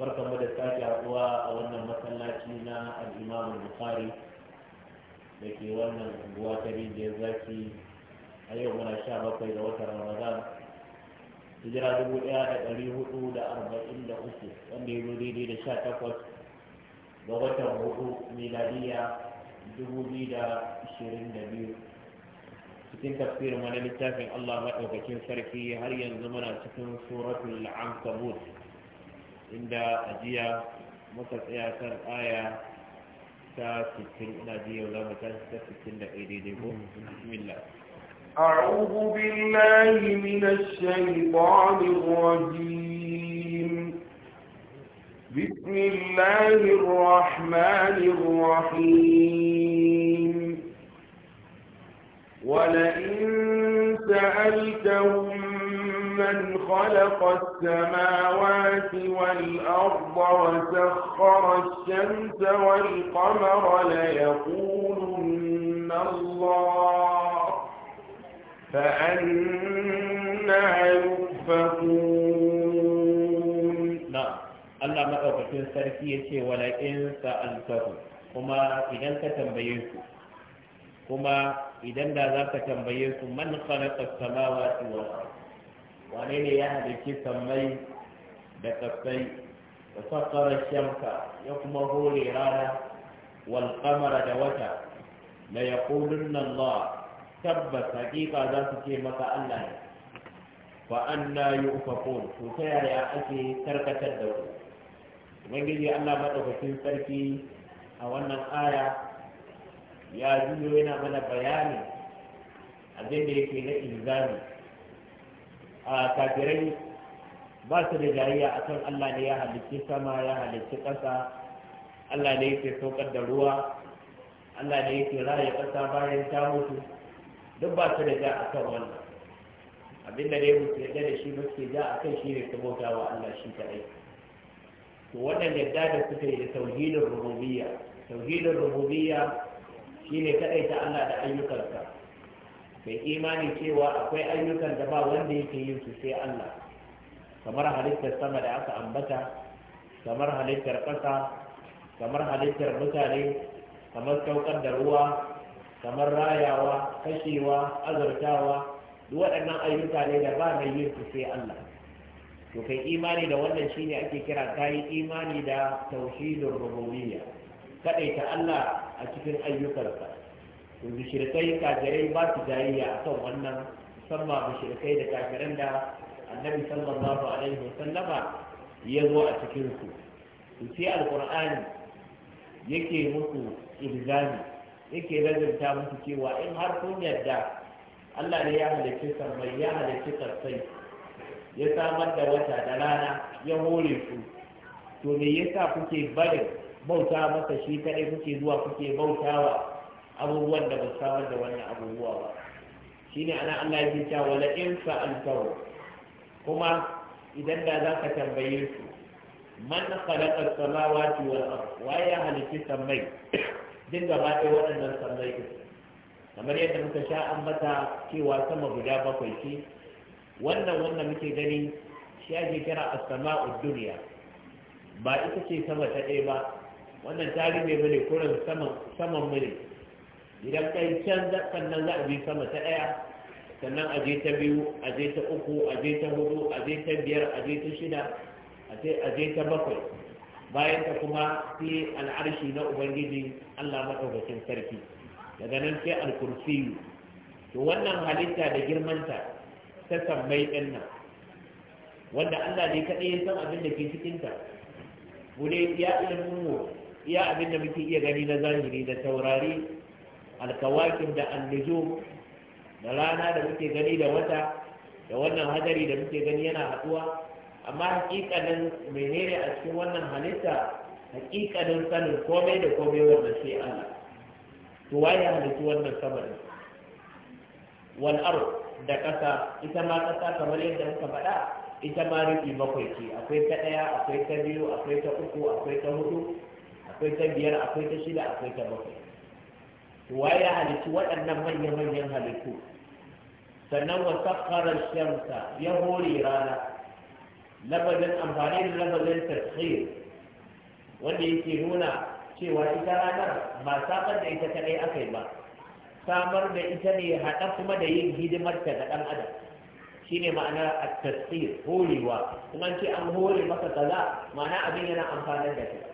barkan mu da sake haɗuwa a wannan masallaci na al'imamu bukari da ke wannan unguwa ta rijiyar zaki a yau muna sha bakwai da watan ramadan hijira dubu ɗaya da ɗari hudu da arba'in da uku wanda ya zo daidai da sha takwas ga watan hudu miladiya dubu biyu da ashirin da biyu cikin tafsirin wani littafin allah maɗaukakin sarki har yanzu muna cikin suratul ankabut inda ajiya muka tsaya kan aya ta cikin ina ji yau za mu cikin da 61 daidai ko bismillah a'udhu billahi minash shaytanir rajim bismillahir rahmanir rahim wa la in سألتهم man خلق السماوات والأرض وسخر الشمس والقمر ليقولن الله فأنا يؤفكون نعم الله ما أوفكين سركية إنسى سألتهم هما إذا تتنبيكم كما إذا لا بيوت من خلق السماوات والأرض Wanene ne ya halicci sammai da kasai da sakkarar shamka ya kuma hore rana wal da wata la nan Allah tabbas hakika za su ce maka Allah ne fa yi yufakun to ta yaya ake karkatar da ku ubangiji Allah madaukakin sarki a wannan aya ya juyo yana mana bayanin abin da yake na ilzami a kafirai ba su da a kan Allah ne ya halicci sama ya halicci ƙasa Allah ne yake saukar da ruwa Allah ne yake raya ƙasa bayan ta mutu duk ba su da ja kan wannan da dai mutu yadda da shi ba suke ja kan shi ne bauta wa Allah shi kaɗai to wannan yadda da suka yi da tauhidin rububiyya tauhidin rububiyya shine kaɗai ta Allah da ayyukansa mai imani cewa akwai ayyukan da ba wanda yake yin su sai Allah kamar halittar sama da aka ambata kamar halittar ƙasa kamar halittar mutane kamar saukar da ruwa kamar rayawa kashewa azurtawa duk waɗannan ayyuka ne da ba mai yin su sai Allah to kai imani da wannan shine ake kira kai imani da tauhidur rububiyya kadaita Allah a cikin ayyukansa to mushrikai kafirai ba su a kan wannan musamman mushrikai da kafiran da annabi sallallahu alaihi wasallama ya zo a cikin su to sai yake musu ilzami yake lazimta musu cewa in har kun yarda Allah ne ya halicci sarmai ya halicci karsai ya samar da wata da rana ya hore su to me yasa kuke barin bauta masa shi kadai kuke zuwa kuke bautawa abubuwan da ba samar da wannan abubuwa ba shine ana Allah ya ce wala in sa'altahu kuma idan da za ka tambaye su man khalaqa samawati wal ard wa ya halitta samai din gaba ɗaya waɗannan sammai kamar yadda muka sha ambata cewa sama guda bakwai ce wannan wannan muke gani shi ake kira as-sama'ud dunya ba ita ce sama ta ɗaya ba wannan tarihi bane kurin saman saman mulki idan kai can sannan za a bi sama ta ɗaya sannan a je ta biyu a je ta uku a je ta hudu a je ta biyar a je ta shida a je ta bakwai bayan ta kuma fi al'arshi na ubangiji allah maɗaukacin sarki daga nan sai alkursiyu to wannan halitta da girmanta ta sammai ɗin nan wanda allah ne kaɗai ya san abin da ke cikinta mu ne ya ilimin mu iya abin da muke iya gani na zahiri da taurari alkawakin da annujum da rana da muke gani da wata da wannan hadari da muke gani yana haɗuwa amma hakikanin menene a cikin wannan halitta hakikanin sanin komai da komai wannan shi Allah to waye halittu wannan sama wal ardh da ƙasa ita ma ƙasa kamar yadda muka faɗa ita ma rufi bakwai ce akwai ta ɗaya akwai ta biyu akwai ta uku akwai ta hudu akwai ta biyar akwai ta shida akwai ta bakwai Waye ya halitti waɗannan manya-manyan halittu sannan wa sakharar shamsa ya hore rana lafazin amfani da lafazin tasir wanda yake nuna cewa ita ranar ba samar da ita kaɗai aka yi ba samar da ita ne haɗa kuma da yin hidimar ta ga ɗan adam Shi ne ma'ana a tasir horewa kuma ce an hore maka kaza ma'ana abin yana amfanar da kai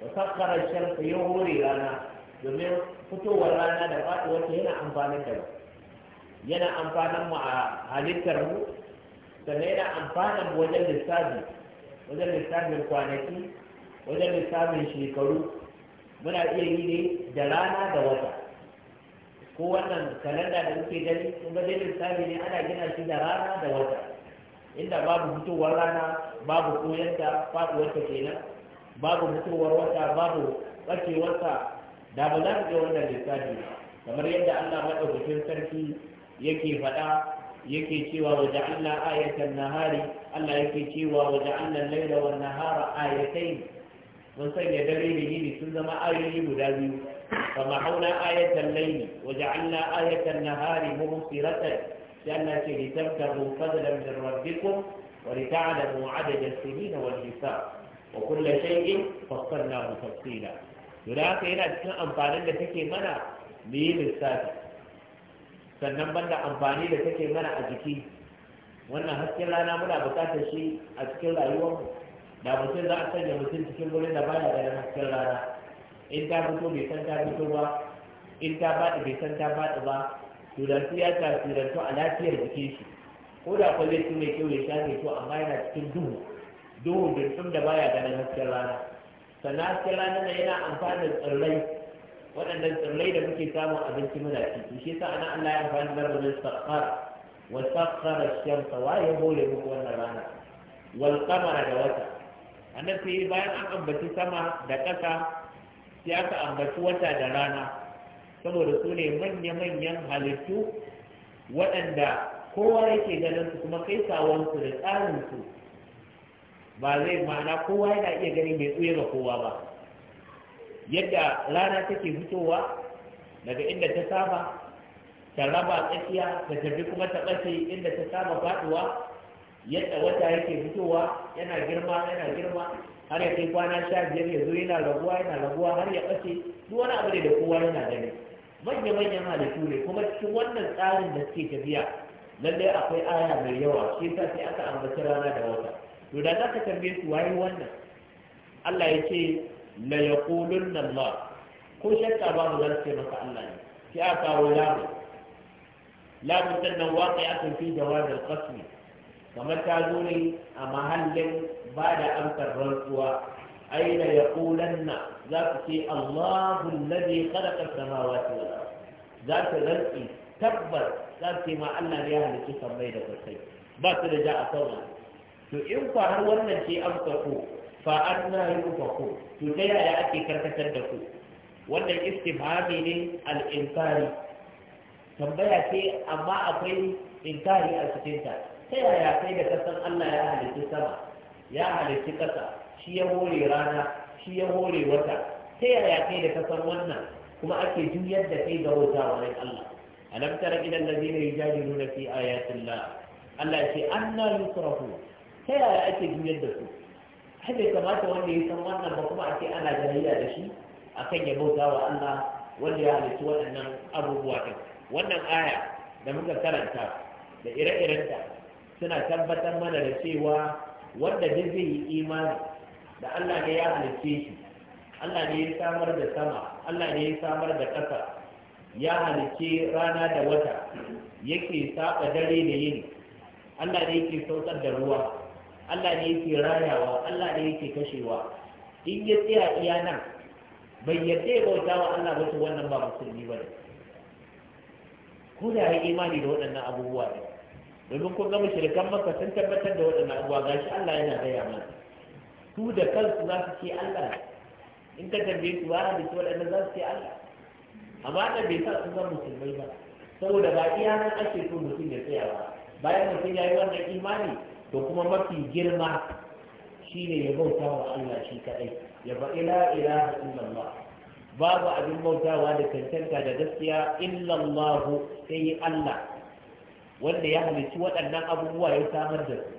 wa sakharar shamsa ya hore rana domin fitowar rana da faɗuwar yana amfanin da mu. yana amfanin mu a halittar mu sannan yana amfanin mu wajen lissafi wajen lissafin kwanaki wajen lissafin shekaru muna iya yi ne da rana da wata ko wannan kalanda da muke gani kun ga dai lissafi ne ana gina shi da rana da wata inda babu fitowar rana babu koyanta faɗuwar ta kenan babu fitowar wata babu ɓacewarsa da ba za ka ga wannan lissafi kamar yadda Allah madaukakin sarki yake faɗa yake cewa wa ja'alna ayatan nahari Allah yake cewa wa ja'alna al-laila wan nahara ayatayn mun sanya dare da yini sun zama ayoyi guda biyu fa mahauna ayatan layli wa ja'alna ayatan nahari mubsiratan sai Allah ce li tabtaru fadlan min rabbikum wa li ta'lamu adada as-sinina wal hisab wa kulla shay'in fassalnahu tafsila to da haka yana cikin amfanin da take mana mu yi lissafi sannan banda amfani da take mana a jiki wannan hasken rana muna buƙatar shi a cikin rayuwarmu da mutum za a sanya mutum cikin wurin da baya ganin hasken rana in ta fito bai san ta fito ba in ta faɗi bai san ta faɗi ba turantu ya tasirantu a lafiyar jikin shi ko da kwa su mai kyau ya sha mai amma yana cikin duhu duhu da da baya ganin hasken rana sannan hasken ranar da yana amfani da tsirrai waɗannan tsirrai da muke samun abinci muna ci shi yasa ana Allah ya amfani da rabin sakhar wa sakhara shamsa wa ya hore wannan rana wal qamara da wata annan sai bayan an ambaci sama da ƙasa sai aka ambaci wata da rana saboda su ne manya-manyan halittu waɗanda kowa yake ganin su kuma kai sawansu da tsarinsu ba zai ma'ana kowa yana iya gani mai tsuye ga kowa ba yadda rana take fitowa daga inda ta saba ta raba tsakiya ta tafi kuma ta ɓace inda ta saba faɗuwa yadda wata yake fitowa yana girma yana girma har ya kai kwana sha biyar ya zo yana raguwa yana raguwa har ya ɓace duk wani abu ne da kowa yana gani manya manyan halittu ne kuma cikin wannan tsarin da suke tafiya lallai akwai aya mai yawa shi ta sai aka ambaci rana da wata to da za ka tambaye su waye wannan Allah ya ce la yaqulunna Allah ko shakka ba mu za maka Allah ne sai a kawo lamu lamu sannan waƙi akan fi jawabin qasmi kamar ta zo ne a mahallin ba da amsar rantsuwa ai la yaqulanna za ku ce Allahu alladhi khalaqa as-samawati wal ardh za ta rantsi tabbas za su ce ma Allah ne ya halicci sammai da kasai ba su da ja a sauran to in kwa har wannan ce an fako fa an na yi fako to ta yaya ake karkatar da ku wannan istifhami ne al-inkari tambaya ce amma akwai inkari a cikin ta ta yaya kai da kasan Allah ya halitta sama ya halitta kasa shi ya hore rana shi ya hore wata ta yaya kai da kasan wannan kuma ake juyar da kai ga wata wani Allah alam tara ila allazina yujadiluna fi ayati Allah Allah ce anna yusrafu ta yaya ake juyar da su har bai kamata wanda ya san wannan ba kuma ake ana jayayya da shi akan ya bauta wa Allah wanda ya halittu waɗannan abubuwa ɗin wannan aya da muka karanta da ire-irenta suna tabbatar mana da cewa wanda duk zai yi imani da Allah ne ya halitte shi Allah ne ya samar da sama Allah ne ya samar da ƙasa ya halicce rana da wata yake saba dare da yini Allah ne yake sautar da ruwa Allah ne yake rayawa Allah ne yake kashewa in ya tsaya iya nan bai yarda ya bauta wa Allah ba wannan ba musulmi ba ne ko da ya imani da waɗannan abubuwa ne domin kun gama shirkan maka sun tabbatar da waɗannan abubuwa gashi Allah yana gaya mana su da kansu za su ce Allah in ka tambaye su ba da su waɗannan za su ce Allah amma da bai sa su zama musulmai ba saboda ba iya nan ake so mutum ya tsaya ba bayan mutum ya yi wannan imani to kuma mafi girma ne ya bauta wa Allah shi kadai ya ba ila ilaha illallah babu abin bautawa da tantanta da gaskiya illallah sai Allah wanda ya halicci waɗannan abubuwa ya samar da su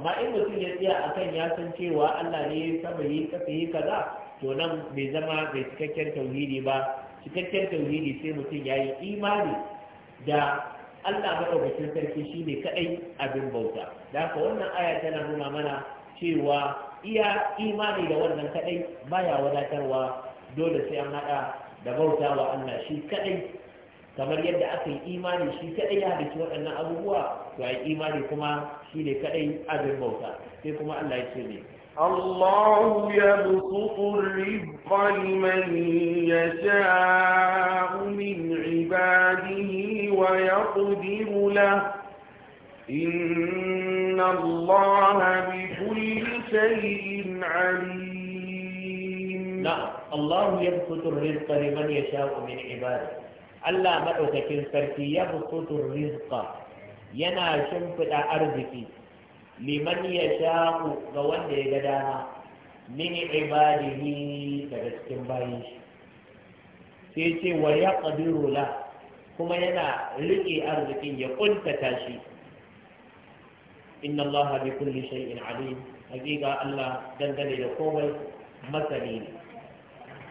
amma in mutum ya tsaya akan ya san cewa Allah ne ya sama yi kasa yi kaza to nan bai zama bai cikakken tauhidi ba cikakken tauhidi sai mutum ya yi imani da Allah maɗaukacin sarki shi ne kaɗai abin bauta da ka wannan aya tana nuna mana cewa iya imani da wannan kadai baya wadatarwa dole sai an hada da bauta wa Allah shi kadai kamar yadda aka yi imani shi kadai ya halicci waɗannan abubuwa to ai imani kuma shi ne kadai abin bauta sai kuma Allah ya ce ne الله يبسط الرزق لمن يشاء من عباده ويقدر له إن الله بكل شيء عليم نعم الله يبسط الرزق لمن يشاء من عباده الله مدوكتين سرتي يبسط الرزق yana shimfiɗa arziki liman ya sha'u ga wanda ya ga dama min ibadihi daga cikin shi ce kuma yana riƙe arzikin ya ƙuntata shi inna allaha bi kulli shay'in alim hakika Allah dangane da komai masani ne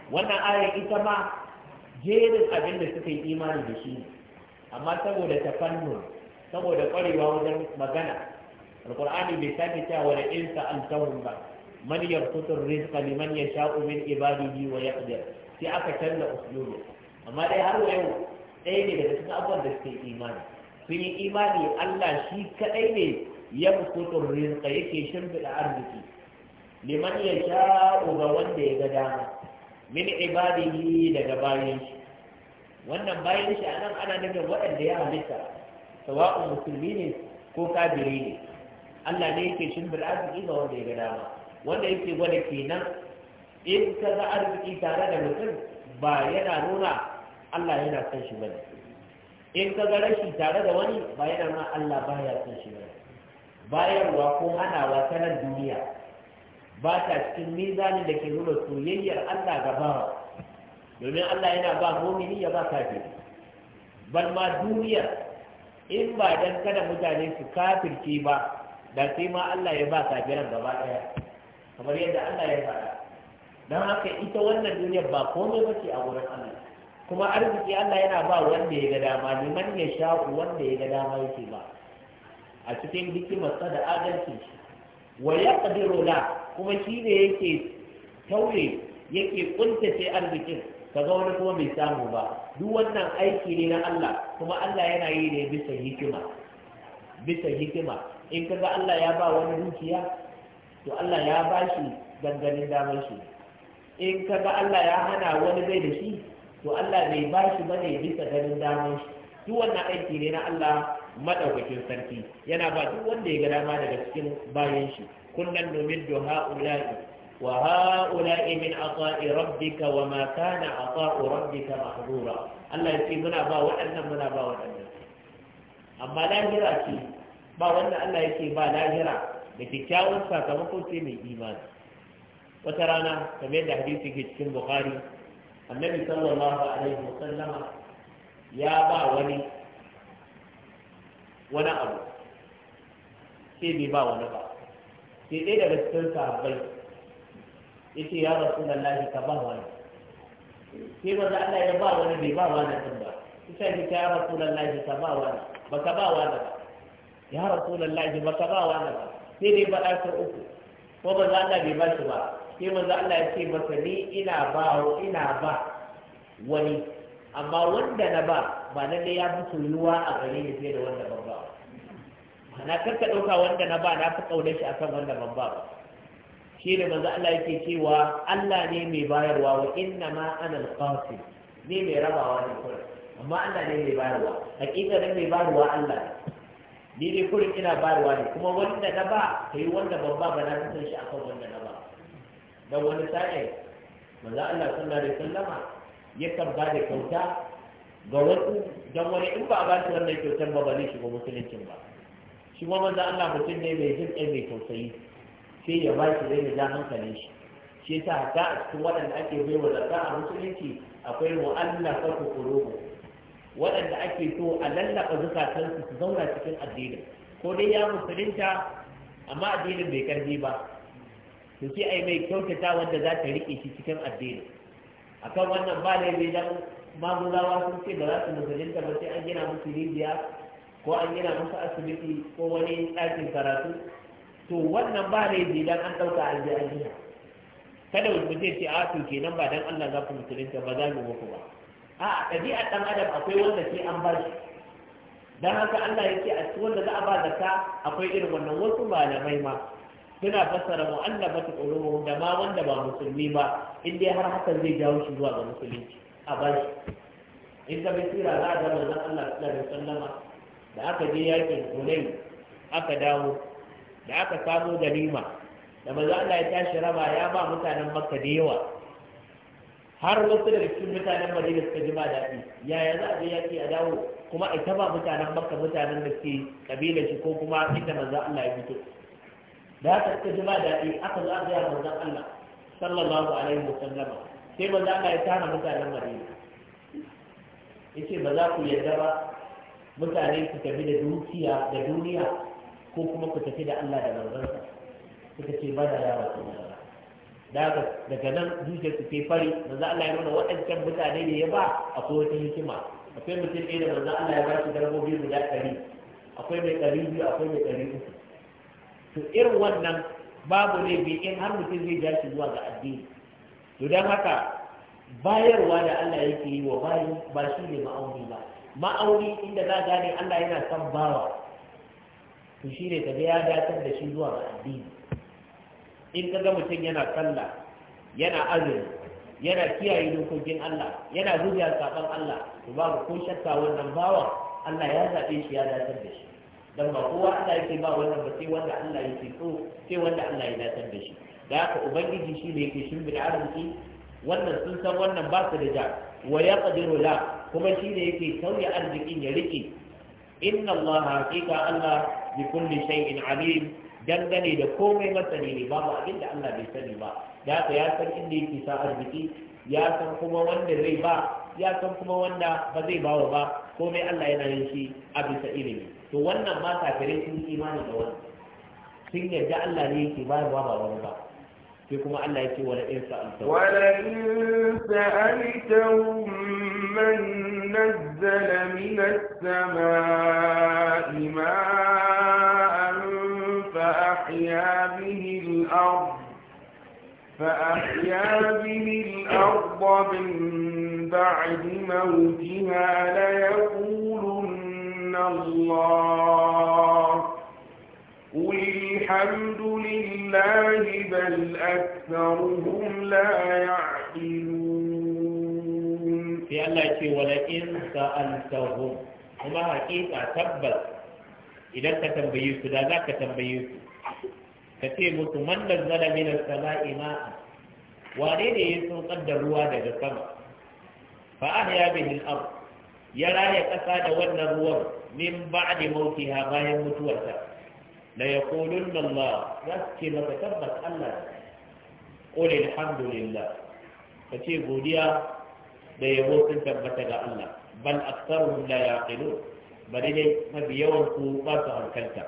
wannan aya ita ma jerin abin da suka yi imani da shi amma saboda tafannun, saboda kwarewa wajen magana alqur'ani bai sani cewa insa in sa'altahum ba man yarqutu rizqa liman yasha'u min ibadihi wa yaqdir sai aka canza uslubi amma dai har yau ɗaya ne daga cikin abubuwan da suke imani sun yi imani Allah shi kaɗai ne yabsutu rizqa yake shimfida arziki liman yasha'u ga wanda ya ga dama min ibadihi daga bayan shi wannan bayan shi anan ana nufin waɗanda ya halitta sawa'un musulmi ne ko kafiri ne Allah ne yake shimfida arziki ga wanda ya ga dama wanda yake gwada kenan in ka ga arziki tare da mutum ba yana nuna Allah yana son shi bane in ka ga rashi tare da wani ba yana nuna Allah baya son shi bane bayarwa ko hanawa ta nan duniya ba ta cikin mizanin da ke nuna soyayyar Allah ga bawa domin Allah yana ba mumini ya ba kafiri bal ma duniyar in ba dan kada mutane su kafirce ba da sai ma Allah ya ba kafiran gaba daya kamar yadda Allah ya faɗa don haka ita wannan duniyar ba komai bace a wurin Allah kuma arziki Allah yana ba wanda ya ga dama liman ya sha wanda ya ga dama yake ba a cikin hikimarsa da adalci wa ya qadiru la kuma shi ne yake taure yake kuntace arzikin ga wani kuma bai samu ba duk wannan aiki ne na Allah kuma Allah yana yi ne bisa hikima bisa hikima in kaga Allah ya ba wani dukiya to Allah ya ba shi ganganin damar shi in kaga Allah ya hana wani bai da shi to Allah bai ba shi bane bisa ganin damar shi duk wannan aiki ne na Allah madaukakin sarki yana ba duk wanda ya ga dama daga cikin bayan shi kunnan numiddu ha'ula'i wa ha'ula'i min ata'i rabbika wa ma kana ata'u rabbika mahdura Allah ya ce muna ba waɗannan muna ba waɗannan amma lahira ce ba wanda Allah yake ba lahira da kyakkyawan sakamako sai mai imani wata rana kamar da hadisi ke cikin bukhari annabi sallallahu alaihi wasallama ya ba wani wani abu sai bai ba wani ba sai ɗaya daga cikin sahabbai ya ce ya rasu da lafi ka ba wani sai wanda Allah ya ba wani bai ba wani sun ba ita ce ya rasu da lafi ka ba wani ba ka ba wani ba ya rasu da lafi ba ka ba wani ba sai dai ba ɗakar uku ko ba za Allah bai ba shi ba sai manzo Allah ya ce masa ni ina ba ina ba wani amma wanda na ba ba lalle ya fi soyuwa a gare ni fiye da wanda ban ba na karka ɗauka wanda na ba na fi ƙaunar shi akan wanda ban ba ba shi ne manzo Allah yake cewa Allah ne mai bayarwa wa inna ma ana al ne mai rabawa ne kullum amma Allah ne mai bayarwa hakika ne mai bayarwa Allah ne ni dai kullum ina bayarwa ne kuma wanda na ba kai wanda ban ba ba na san shi akan wanda na ba dan wani sa'i manzo Allah sallallahu alaihi wasallama yakan ba da kyauta ga wasu don wani in ba a ba shi wannan kyautar ba ba zai shiga musuluncin ba shi ma manzo Allah mutum ne mai jin kai mai tausayi sai ya ba shi zai ya ja hankalin shi shi yasa a cikin waɗanda ake bai wa zarga a musulunci akwai mu'allafa qulubu waɗanda ake so a lallaka zukatan su su zauna cikin addinin ko dai ya musulunta amma addinin bai karfi ba su ce ai mai kyautata wanda za ta riƙe shi cikin addinin akan wannan ba da dan maguzawa sun ce ba za su musulunta ba sai an gina musu rijiya ko an gina musu asibiti ko wani ɗakin karatu to wannan ba je dan an ɗauka an je kada mutum ce a to kenan ba dan Allah za ku musulunta ba za mu muku ba a ɗabi'ar ɗan adam akwai wanda sai an bar shi dan haka Allah ya ce a cikin wanda za a ba zakka akwai irin wannan wasu malamai ma suna fassara mu'allafatu qulubuhum da ma wanda ba musulmi ba in dai har hakan zai jawo shi zuwa ga musulunci a bari in ka bisira za a zama na Allah sallallahu alaihi wasallama da aka je yakin Hunayn aka dawo da aka samu ganima da maza Allah ya tashi raba ya ba mutanen Makka da yawa har wasu daga cikin mutanen Madina suka ji ba daɗi yaya za a je yaki a dawo kuma a taba mutanen Makka mutanen da ke kabilar shi ko kuma inda maza Allah ya fito da haka suka ji ba daɗi aka zo a ga manzon Allah sallallahu alaihi wasallama sai ba za ka yi tara mutanen madina ya ce ba za ku yarda ba mutane su tafi da dukiya da duniya ko kuma ku tafi da Allah da manzansa suka ce ba da ya Da daga daga nan zuciyar su kai fari manzo Allah ya nuna waɗancan mutane ne ya ba akwai wata hikima akwai mutum ɗaya da manzo Allah ya ba shi biyu guda ɗari akwai mai ɗari biyu akwai mai ɗari uku to irin wannan babu ne bi in har mutum zai ja shi zuwa ga addini to don haka bayarwa da Allah yake yi wa bayi ba shi ne ma'auni ba ma'auni inda za gane Allah yana san bawa to shi ne ga ya datar da shi zuwa ga addini in ka ga mutum yana sallah yana azumi yana kiyaye dokokin Allah yana zuciya sabon Allah to babu ko shakka wannan bawa Allah ya zabe shi ya datar da shi dan ba kowa Allah yake ba wannan ba sai wanda Allah yake so sai wanda Allah ya datar da shi da haka ubangiji shi ne yake da arziki wannan sun san wannan ba su da ja wa ya qadiru la kuma shi ne yake sauya arzikin ya rike inna Allah haqiqa Allah bi kulli shay'in alim dangane da komai masani ne babu abin da Allah bai sani ba da haka ya san inda yake sa arziki ya san kuma wanda zai ba ya san kuma wanda ba zai bawa ba komai Allah yana yin shi a bisa ilimi to wannan ma kafirai sun imani da wannan sun yarda Allah ne yake bayarwa ba wani ba كما الله يكي ولا إن سألتهم ولئن سألتهم من نزل من السماء ماء فأحيا به الأرض فأحيا به الأرض من بعد موتها ليقولن الله قل الحمد لله بل أكثرهم لا يعقلون في الله ولئن سألتهم وما حقيقة تبت إذا تتنبيوك إذا ذاك تنبيوك كثير musu man nazzala min as-sama'i ma'a wane ne ya saukar da ruwa da sama fa ahya bihi al-ard ya raya ƙasa da wannan ruwan min ba'di mautiha bayan mutuwarta la yaqulunna Allah za su ce maka tabbas Allah qul alhamdulillah kace godiya da yabo sun tabbata ga Allah bal aktsaruhum la yaqilun bari dai mafi yawan ku ba su hankalta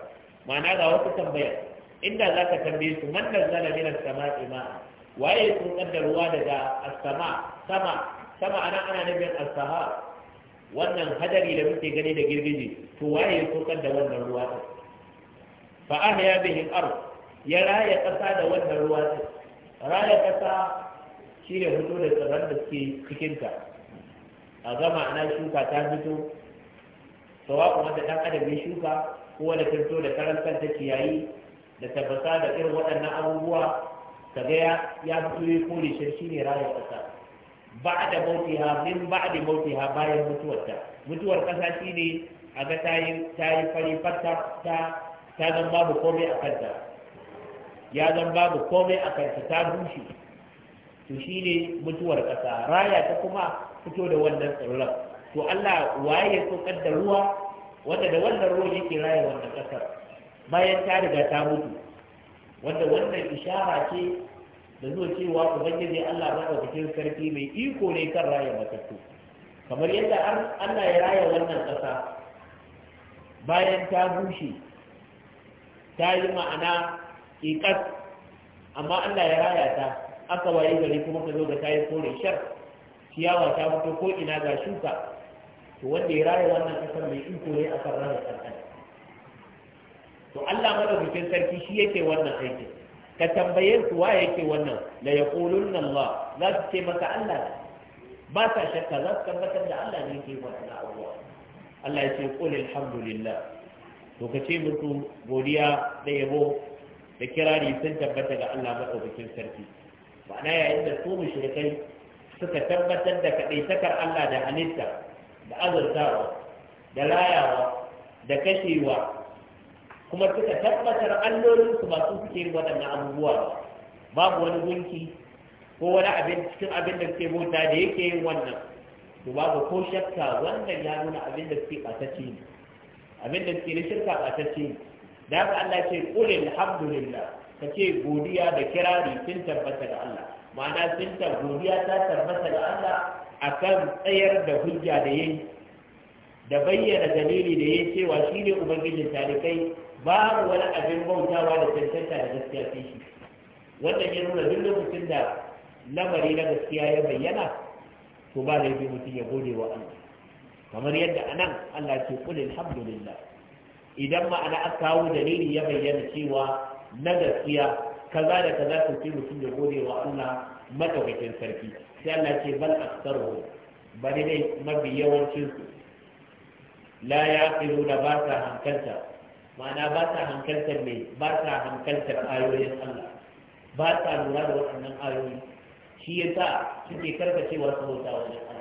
ma'ana ga wasu tambaya inda za ka tambaye su man nazzala min as-sama'i ma'a waye sun kaddar ruwa daga as-sama sama sama ana ana nabin as-sahab wannan hadari da muke gani da girgije to waye sun kaddar wannan ruwa fa ahya bihi al-ard ya raya kasa da wannan ruwa din raya kasa shine fito da tsaron da suke cikin ta a gama ana shuka ta fito sawa'u wanda dan adam ya shuka ko wanda ta fito da karantar ta ciyayi da tabbata da irin waɗannan abubuwa kaga ya ya fito ya kore shi shine raya kasa ba'da mautiha min ba'di mautiha bayan mutuwarta mutuwar kasa shine a ga tayi tayi fari fatta ta ta zan babu komai a kanta ya zan babu komai a kanta ta bushe to shi ne mutuwar ƙasa raya ta kuma fito da wannan tsirran to Allah waye ya tsokar da ruwa wanda da wannan ruwa yake raya wannan ƙasar bayan ta riga ta mutu wanda wannan ishara ce da zuwa cewa ubangiji Allah madaukakin sarki mai iko ne kan raya matattu kamar yadda Allah ya raya wannan ƙasa bayan ta bushe ta yi ma'ana ƙiƙas amma Allah ya raya ta aka waye gari kuma ka zo da ta yi kore shar ciyawa ta fito ko ina ga shuka to wanda ya raya wannan ƙasar mai iko ne akan raya ƙasar to Allah madaukakin sarki shi yake wannan aikin ka tambaye su wa yake wannan la yaqulunna Allah za su ce maka Allah ba sa shakka za su tabbatar da Allah ne yake wannan abuwa Allah ya ce qul alhamdulillah to ka godiya da yabo da kirari sun tabbata ga Allah maɗaukakin sarki ma'ana yayin da su mushrikai suka tabbatar da kaɗaitakar Allah da halitta da azurtawa da layawa da kashewa kuma suka tabbatar allolinsu masu suke waɗannan abubuwa babu wani gunki ko wani abin cikin abin da suke bauta da yake yin wannan to babu ko shakka wannan ya nuna abin da suke ɓatacce ne abin da suke shirka a tacce da haka Allah ce qul alhamdulillah ce godiya da kirari sun tabbata ga Allah ma'ana sun ta godiya ta tabbata da Allah a kan tsayar da hujja da yayi da bayyana dalili da yayi cewa shine ubangijin talikai babu wani abin bautawa da tantanta da gaskiya sai shi wannan ya nuna duk lokacin da lamari na gaskiya ya bayyana to ba laifi mutum ya gode wa Allah kamar yadda anan Allah ke kul alhamdulillah idan ma'ana aka kawo dalili ya bayyana cewa na gaskiya kaza da kaza to sai mutum ya gode wa Allah madaukakin sarki sai Allah ce bal aktaruhu bari dai mafi yawancin su la yaqiluna ba sa hankalta ma'ana ba sa hankaltar me ba sa hankaltar ayoyin Allah ba sa lura da waɗannan ayoyi shi ya sa suke karkacewa su bauta wajen Allah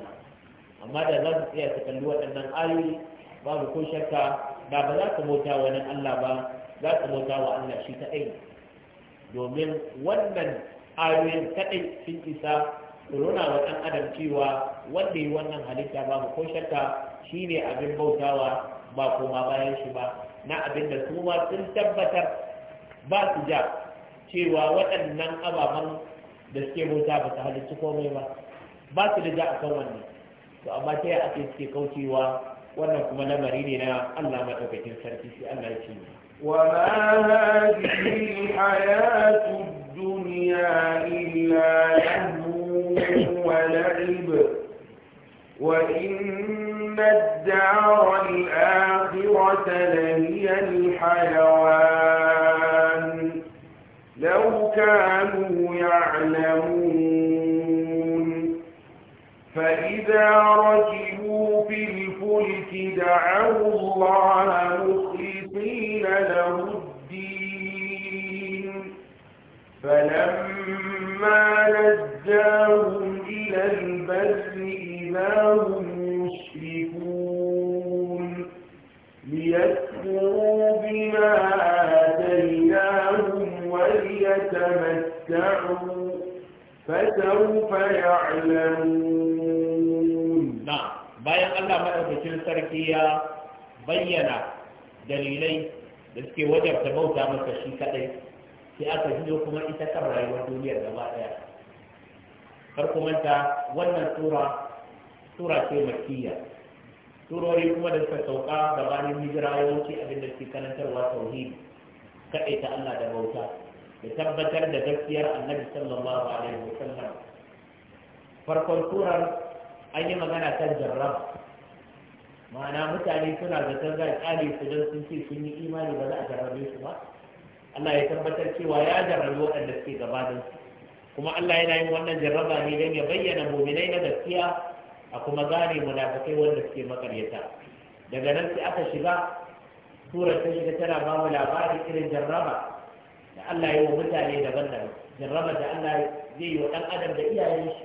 amma da za su tsaya su kalli waɗannan ayoyi babu ko shakka da ba za su mota nan Allah ba za su mota wa Allah shi kaɗai domin wannan ayoyin kaɗai sun isa nuna wa ɗan adam cewa wanda yi wannan halitta babu ko shakka shine abin bautawa ba koma bayan shi ba na abin da su ma sun tabbatar ba su ja cewa waɗannan ababen da suke bauta ba su halittu komai ba ba su da ja a kan wannan to amma ta yaya ake suke kaucewa wannan kuma lamari ne na Allah madaukakin sarki shi Allah ya ce وما هذه الحياة الدنيا إلا لهو ولعب وإن الدار الآخرة لهي الحيوان لو كانوا يعلمون فإذا ركبوا في الفلك دعوا الله مخلصين له الدين فلما نجاهم إلى البر إذا هم يشركون ليكفروا بما آتيناهم وليتمتعوا فسوف يعلمون نعم bayan Allah madaukakin sarki ya bayyana dalilai da suke wajabta bauta masa shi kadai sai aka biyo kuma ita kan rayuwar duniyar gaba daya kar ku manta wannan sura sura ce makkiya surori kuma da suka sauka gabanin hijira yawanci abin da suke kanantarwa tauhidi kadai ta Allah da bauta da tabbatar da gaskiyar annabi sallallahu alaihi wa sallam farkon turar an yi magana kan jarraba ma'ana mutane suna zaton za a su don sun ce sun yi imani ba za a jarrabe su ba Allah ya tabbatar cewa ya jarrabe waɗanda suke gabanin su kuma Allah yana yin wannan jarraba ne don ya bayyana muminai na gaskiya a kuma gane munafikai wanda suke makaryata daga nan sai aka shiga turar ta shiga tana ba mu labarin irin jarraba da Allah yi wa mutane daban-daban jarraba da Allah zai yi wa ɗan adam da iyayen shi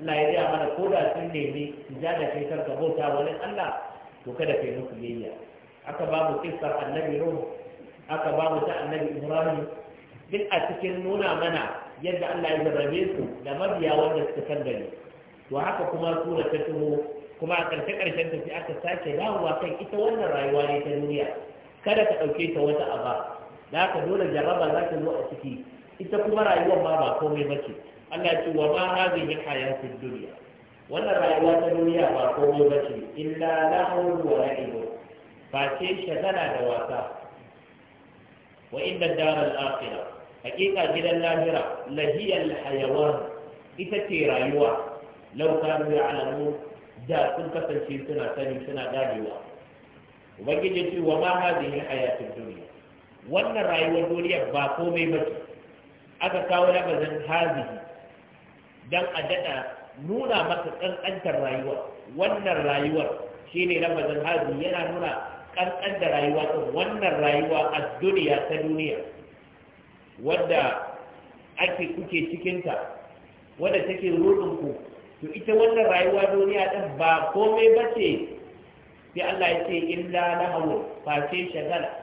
Allah ya gaya mana ko da sun nemi su ja da kai kanka bauta wani Allah to kada kai musu biyayya aka babu kissar annabi Nuhu aka babu ta annabi Ibrahim duk a cikin nuna mana yadda Allah ya jarrabe su da mabiya wanda suka san gari to haka kuma sura ta tuho kuma a ƙarshe ƙarshen ta sai aka sake dawowa kan ita wannan rayuwa ne ta duniya kada ka ɗauke ta wata aba da aka dole jaraba za ta zo a ciki ita kuma rayuwar ma ba komai ba ce Allah ce wa ma hadhihi hayatud dunya wannan rayuwa ta duniya ba komai ba ce illa lahawun wa la'ibun ba ce shagala da wasa wa inda daral akhirah hakika gidan lahira Lahiyar hayawan ita ce rayuwa law kanu ya'lamu da sun kasance suna sani suna ganewa ubangiji ce wa ma hadhihi hayatud dunya wannan rayuwar duniya ba komai ba ce aka kawo labarin hazihi don a daɗa nuna maka ƙanƙantar rayuwa wannan rayuwar shi ne labarin hazihi yana nuna ƙanƙan rayuwa ɗin wannan rayuwa a duniya ta duniya wadda ake kuke cikinta wadda take ku to ita wannan rayuwa duniya ɗin ba komai ba ce sai Allah ya ce illa lahu face shagala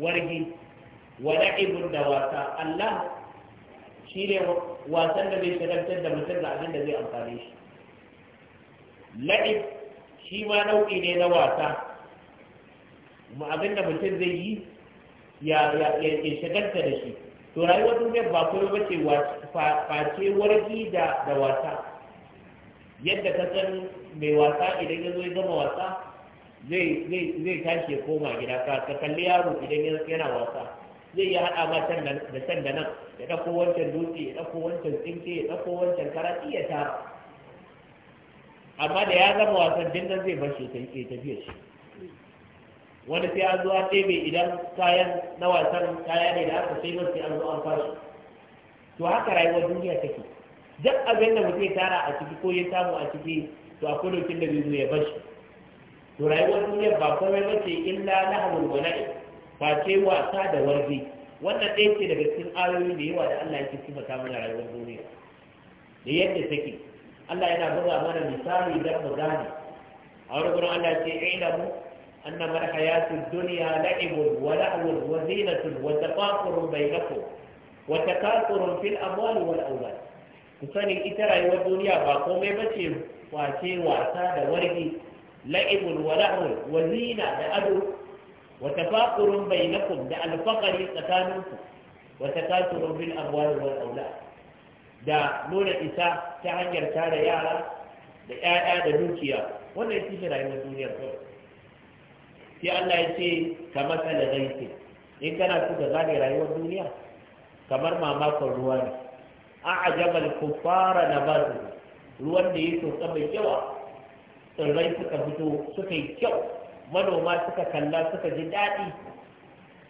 wargi wa la'ibun da wasa Allah shi ne wasan da bai shagaltar da mutum da abin da zai amfani shi la'ib shi ma nau'i ne na wasa ma abin da mutum zai yi ya shagalta da shi to rayuwar duniyar ba kuma ba ce face wargi da wasa yadda ka san mai wasa idan ya zo ya gama wasa zai tashi ya koma gida ka ka kalli yaro idan yana wasa zai yi haɗa ma can da can da nan ya ɗauko wancan dutse ya ɗauko wancan tsinke ya ɗauko wancan karatu ya tara amma da ya zama wasan dinnan zai bar shi ya tafiya shi wani sai an zo an ɗebe idan kayan na wasan kaya ne da aka sai sai an zo an fara to haka rayuwar duniya take duk abin da mutum ya tara a ciki ko ya samu a ciki to akwai lokacin da bai zo ya bar shi to rayuwar duniya ba komai mace illa lahawul wala'i ba ce wasa da warbi wannan ɗaya ce daga cikin ayoyi da yawa da Allah yake sifata mana rayuwar duniya da yadda take Allah yana buga mana misali don mu gane a wani gurin Allah ce mu marka ya ce duniya la'ibun wa la'wun wa zinatun wa bai bainakum wata kasurun fil amwali wal aulad ku sani ita rayuwar duniya ba komai ce wace wasa da wargi la'ibun wa la'ul wa zina da ado wa tafakurun bainakum da tsakanin tsakaninku wa takasurun bil amwal wal aulad da nuna isa ta hanyar tara yara da 'ya'ya da dukiya wannan shi ne rayuwar duniyar kawai sai Allah ya ce ka matsala zaiti in kana so ka gane rayuwar duniya kamar mamakon ruwa ne a ajabal kufara na bazu ruwan da ya soka mai yawa tsirrai suka fito suka yi kyau manoma suka kalla suka ji daɗi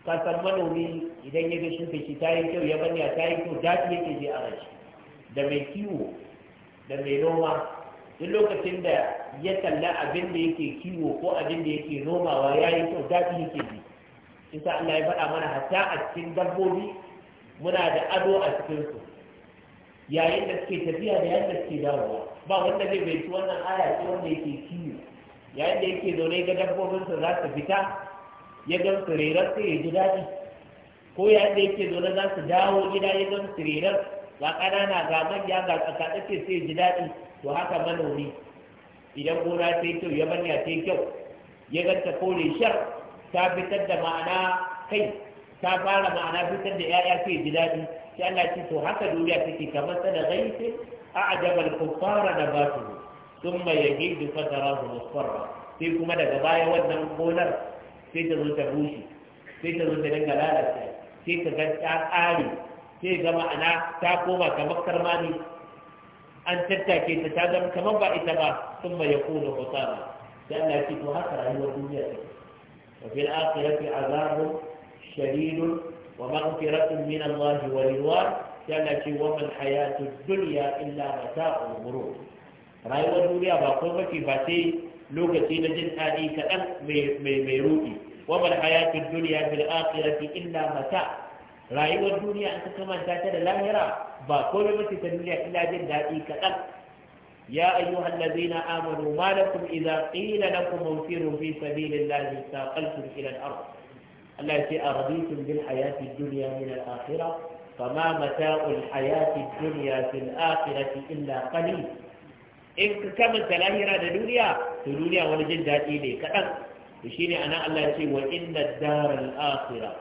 kasan manomi idan ya ga shuka shi ta yi kyau ya a ta yi kyau daɗi yake je a rashi da mai kiwo da mai noma duk lokacin da ya kalla abin da yake kiwo ko abin da yake nomawa ya yi kyau daɗi yake ji isa Allah ya faɗa mana hatta a cikin dabbobi muna da ado a cikinsu yayin da suke tafiya da yadda da suke dawowa ba wanda zai bai wannan aya ce wanda yake kiwo yayin da yake zaune ga dabbobinsa za su fita ya gan sirirar sai ya ji daɗi ko yayin da yake zaune za su dawo gida ya gan sirirar ga ƙanana ga manya ga ce sai ya ji daɗi to haka manomi idan gona ta yi kyau ya manya ta yi kyau ya gan ta kore shar ta fitar da ma'ana kai ta fara ma'ana fitar da 'ya'ya sai ya ji daɗi كأن أتيتو حتى دولي أتيتي كما تلغيت أعجب الكفار نباته ثم يجيد فتراه مصفرا فيكم أنا قبايا ودنا مقولا في تظل تبوشي في تظل تنقلالة في تظل تعالي في كما أنا تاكوما كمكتر مالي أن تتاكي تتاكم كما بأتبا ثم يكون مصفرا كأن أتيتو حتى رأيو الدنيا وفي الآخرة عذاب شديد wa maghfiratun min Allah wa ridwan yana ce wa man hayatud dunya illa mata'ul ghurur rayuwar duniya ba ko mafi ba sai lokaci na jin daɗi kaɗan mai ruɗi wa man hayatud dunya bil akhirati illa mata rayuwar duniya an ta kamanta ta da lahira ba ko mafi duniya illa jin daɗi kaɗan يا أيها الذين آمنوا ما لكم إذا قيل لكم انفروا في سبيل الله استاقلتم إلى الأرض التي أرضيتم بالحياة الدنيا من الآخرة فما متاع الحياة الدنيا في الآخرة إلا قليل إن كمن تلاهرة الدنيا في الدنيا ولجد إليه كأن يشيني أنا الله يشيني وإن الدار الآخرة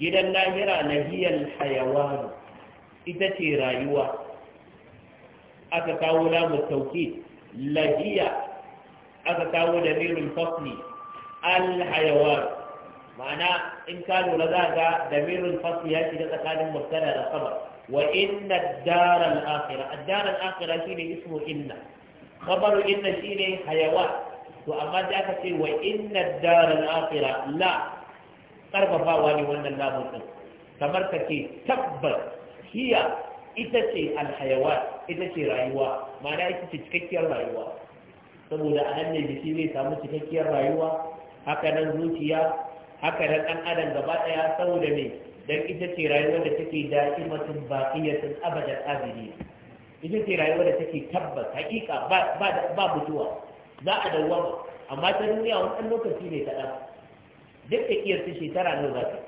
جدا لاهرة لهي الحيوان إذا ترى يوا أتكاو لام التوكيد لهي أتكاو دمير الفصل الحيوان ma'ana in ka lura za ga damirul shiga tsakanin mubtada da khabar wa inna ad-dar al-akhirah shine ismu inna khabaru inna shine hayawan to amma da aka ce wa inna ad la karfafawa ne wannan lamun din kamar ka ce tabbas hiya ita ce al-hayawan ita ce rayuwa ma'ana ita ce cikakkiyar rayuwa saboda a nan ne jiki zai samu cikakkiyar rayuwa haka nan zuciya haka da ɗan adam gaba ɗaya saboda ne don ita ce rayuwar da take da'imatun baqiyatun abadan abidi ita ce rayuwar da take tabbas hakika ba mutuwa za a dawwama amma ta duniya wani lokaci ne ɗan duk da ta shekara ne za ta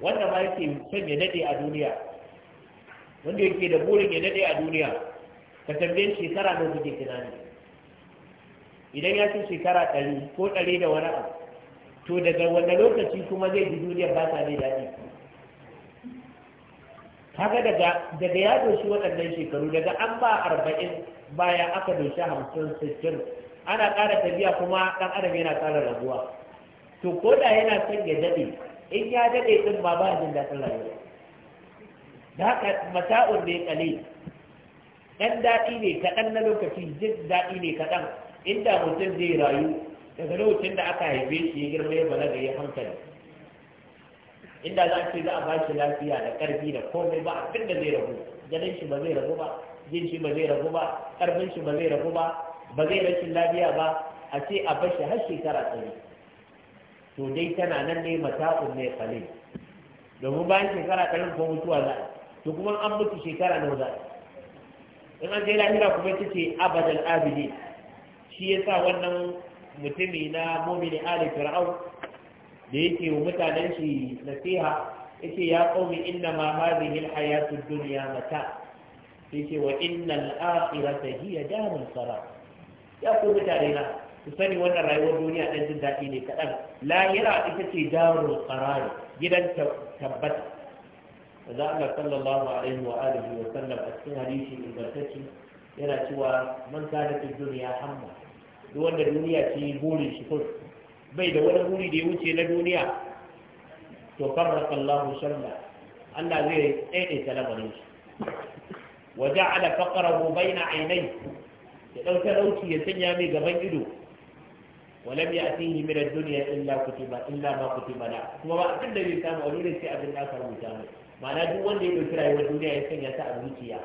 wanda ma yake son ya naɗe a duniya wanda yake da burin ya naɗe a duniya ka tambaye shekara nawa kuke tunani idan ya ce shekara ɗari ko ɗari da wani abu to daga wanda lokaci kuma zai ji duniya ba ta mai daɗi kaga daga daga ya doshi waɗannan shekaru daga an ba arba'in baya aka doshi hamsin sittin ana ƙara tafiya kuma ɗan adam yana ƙara raguwa to ko da yana son ya daɗe in ya daɗe ɗin ba ba jin daɗin rayuwa da haka mata'un ne ƙale ɗan daɗi ne kaɗan na lokaci jin daɗi ne kaɗan inda mutum zai rayu daga lokacin da aka haife shi ya girma ya balaga ya hankali inda za a ce za a ba shi lafiya da ƙarfi da komai ba abin da zai rabu ganin shi ba zai rabu ba jin shi ba zai rabu ba ƙarfin shi ba zai rabu ba ba zai rashin lafiya ba a ce a bashi har shekara ɗari. to dai tana nan ne mata'un ne kalil domin bayan shekara ɗari ko mutuwa za a to kuma an mutu shekara nawa za a in an je lahira kuma ita ce abadal abidi shi yasa wannan mutumi na mumini ali fir'aun da yake wa mutanen shi nasiha yake ya qaumi inna ma hadhihi alhayatu ad-dunya mata yake wa innal akhirata hiya darul qarar ya ku mutane na ku sani wannan rayuwar duniya ɗan jin dadi ne kaɗan lahira ita ce darul qarari gidan tabbata da Allah sallallahu alaihi wa alihi wa sallam a cikin hadisi ingantacce yana cewa man kana fi dunya hamma wanda duniya ce burin shi kun, bai da wani buri da ya wuce na duniya to farraka Allahu sharra Allah zai tsaye ta lamarin shi wa ja'ala faqrahu baina aynai ya dauka dauki ya sanya mai gaban ido wa lam ya'tihi min ad-dunya illa kutiba illa ma kutiba la kuma ba abin da zai samu a duniya sai abin da aka rubuta mai ma'ana duk wanda ya dauki rayuwar duniya ya sanya ta a zuciya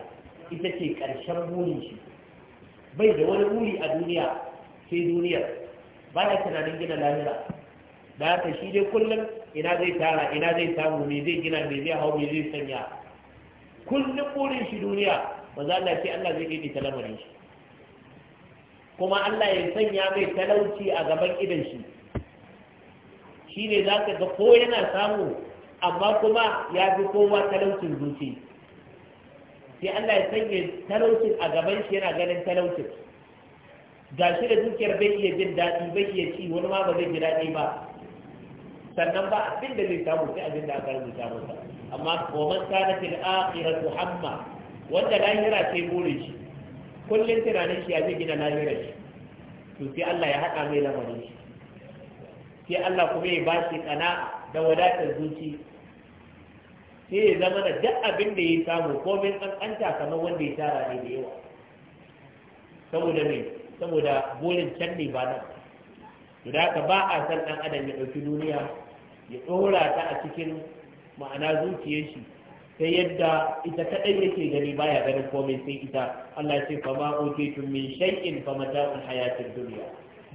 ita ce karshen burin shi bai da wani buri a duniya sai duniya ba ya tunanin gina lahira da haka shi dai kullum ina zai tara ina zai samu me zai gina me zai hau me zai sanya kullum burin shi duniya ba za a ce Allah zai gidi talamarin shi kuma Allah ya sanya mai talauci a gaban idan shi shi ne za ka ga ko yana samu amma kuma ya fi kowa talaucin zuci sai Allah ya sanya talaucin a gaban shi yana ganin talaucin ga shi da dukiyar bai iya jin daɗi bai iya ci wani ma ba zai ji daɗi ba sannan ba abin da zai samu sai abin da aka rubuta masa amma wa man kana fil akhiratu hamma wanda lahira sai gore shi kullum tunanin shi ya zai gina lahirar shi to sai Allah ya haɗa mai lamarin shi sai Allah kuma ya bashi kana da wadatar zuci sai ya zama da duk abin da ya samu komin kankanta kamar wanda ya tara ne da yawa saboda mai saboda bolin can ne ba nan to da ka ba a san dan adam ya ɗauki duniya ya dora ta a cikin ma'ana zuciyar shi ta yadda ita dai yake gani baya ganin komai sai ita Allah ce fa ma utitum min shay'in fa mata'ul hayatid dunya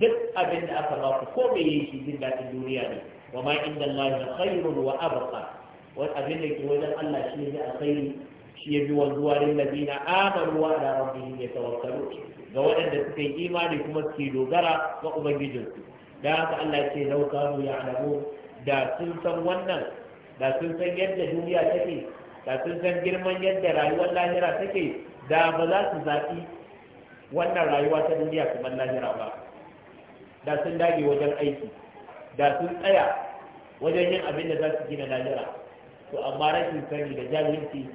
duk abin da aka ba ku ko me shi jin daɗin duniya ne wa ma inda Allah khairun wa abqa wa abin da ke wajen Allah shi ne alkhairi shi ya bi wanzuwa lil ladina amanu wa ala rabbihim yatawakkalun ga waɗanda suka yi imani kuma suke dogara ga ubangijinsu da haka Allah ce lau kanu ya alamu da sun san wannan da sun san yadda duniya take da sun san girman yadda rayuwar lahira take da ba za su zaɓi wannan rayuwa ta duniya kamar lahira ba da sun dage wajen aiki da sun tsaya wajen yin abin da za su gina lahira to amma rashin sani da jahilci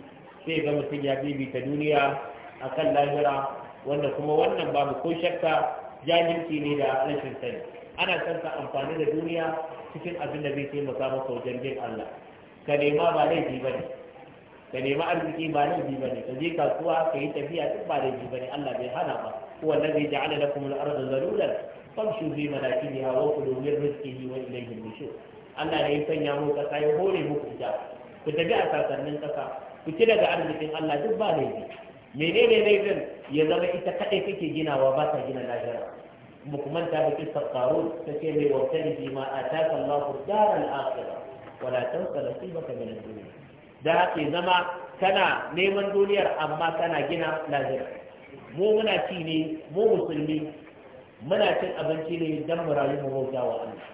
sai ga mutum ya bibi ta duniya akan lahira wanda kuma wannan babu ko shakka jahilci ne da rashin sani ana son ka amfani da duniya cikin abin da zai taimaka maka wajen bin Allah ka nema ba laifi ba ne ka nema arziki ba laifi ba ne ka je kasuwa ka yi tafiya duk ba laifi ba ne Allah bai hana ba huwa allazi ja'ala lakum al-ardha zalulan famshu fi manakibiha wa kulu min rizqihi wa ilayhi an-nushur Allah ne ya sanya mu kasa ya hore muku ita ku tafi a sasannin kasa ku ci daga arzikin Allah duk ba laifi menene laifin ya zama ita kadai kake ginawa ba ta gina lahira Kuma kuma ta kisa qarun ta ce mai wata da ma a taka Allahu daral akhira wala tansa nasibaka min ad-dunya da haka zama kana neman duniyar amma kana gina lahira mu muna ci ne mu musulmi muna cin abinci ne dan mu rayu mu bauta wa Allah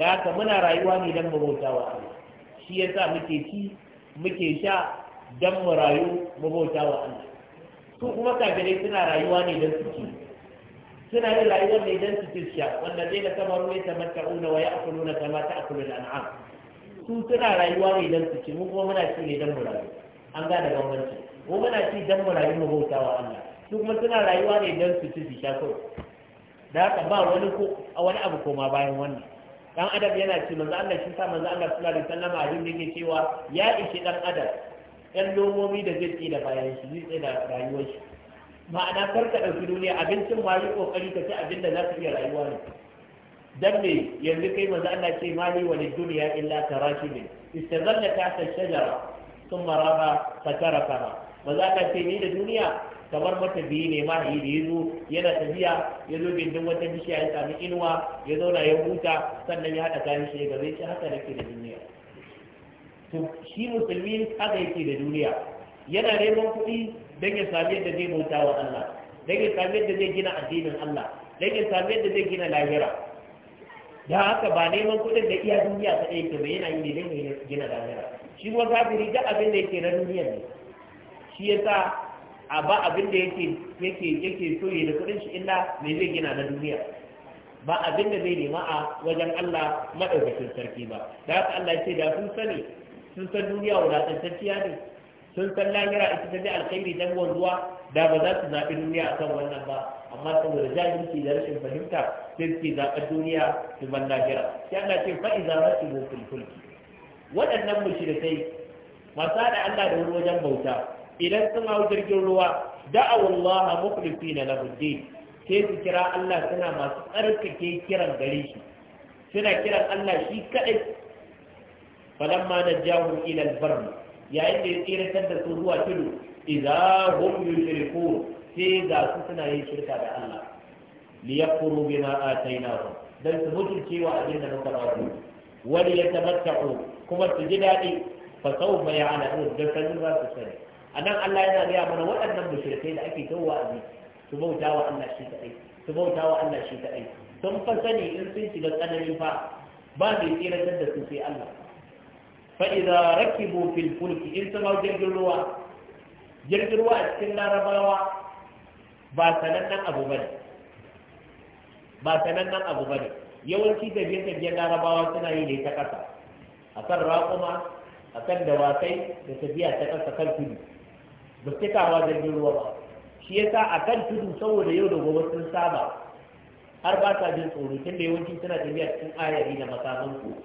da haka muna rayuwa ne dan mu bauta wa Allah shi yasa muke ci muke sha don mu rayu mu bauta wa Allah su kuma kafirai suna rayuwa ne don su ci suna yin rayuwar ne don su ci sha wanda zai da kamar ne ta mata'una wa ya'kuluna kama da an'am su suna rayuwa ne don su ci mu kuma muna ci ne don mu rayu an gane bambanci mu muna ci don mu rayu mu bauta wa Allah su kuma suna rayuwa ne don su ci su sha kawai da haka ba wani ko a wani abu koma bayan wannan dan adam yana ce manzo Allah shi sa manzo Allah sallallahu alaihi wasallam a da yake cewa ya ishi dan adam yan lomomi da zai tsaye da bayan shi zai tsaye da rayuwar shi ma'ana kar ka ɗauki duniya abincin ma yi ƙoƙari ka ci abin da za ka iya rayuwa ne dan me yanzu kai maza Allah ce mali wa duniya illa karashibin istazalla ta san shajara sun maraba ta karaka maza Allah ce ni da duniya kamar mata biyu ne ma da ya zo yana tafiya ya zo gindin wata bishiya ya sami inuwa ya zauna ya huta sannan ya haɗa kayan shi ya gaba ci haka da ke da duniya to shi musulmi haka yake da duniya yana neman kuɗi don ya sami yadda zai bauta wa Allah don ya sami yadda zai gina addinin Allah don ya sami yadda zai gina lahira da haka ba neman kuɗin da iya duniya ta ɗaya ke ba yana yi ne don ya gina lahira shi kuma kafiri duk abin da yake na duniya ne shi ya sa a ba abin da yake yake yake so ya da kuɗin shi illa me zai gina na duniya ba abin da zai nema a wajen Allah madaukakin sarki ba da haka Allah ya ce da sun sani sun san duniya wadatantacciya ne sun san lahira ita ta ji alkhairi dan wanzuwa da ba za su zaɓi duniya akan wannan ba amma saboda jahilci da rashin fahimta sai suke zaɓar duniya su ban lahira sai Allah ce fa iza su fil fulki waɗannan mushrikai masu haɗa Allah da wani wajen bauta idan sun hau jirgin ruwa da'awu Allah mukhlisina na din sai su kira Allah suna masu tsarkake kiran gare shi suna kiran Allah shi kaɗai falamma najjahum ila al yayin da ya tsiratar da su zuwa tudu idza hum yushrikun sai ga su suna yin shirka da Allah li yakfuru bima atainahu dan su mutunce wa abin da muka ba wani ya tamatta'u kuma su ji daɗi fa sawfa ya'lamu da sanin za su sani A nan Allah yana gaya mana waɗannan mushrikai da ake ta wa'azi su bauta wa Allah shi kaɗai su bauta wa Allah shi kaɗai sun fa sani in sun shiga tsanani fa ba mai tsiratar da su sai Allah fa'iza rakibu fil fulki in sun hau jirgin ruwa a cikin larabawa ba sanannen abu bane ba sanannan abu bane yawanci tafiye-tafiyen larabawa suna yi ne ta ƙasa a kan raƙuma a kan dawakai da tafiya ta ƙasa kan tudu ba su da jirgin ruwa ba shi yasa a kan tudu saboda yau da gobe sun saba har ba sa jin tsoro tunda yawanci suna tafiya cikin ayari da makamansu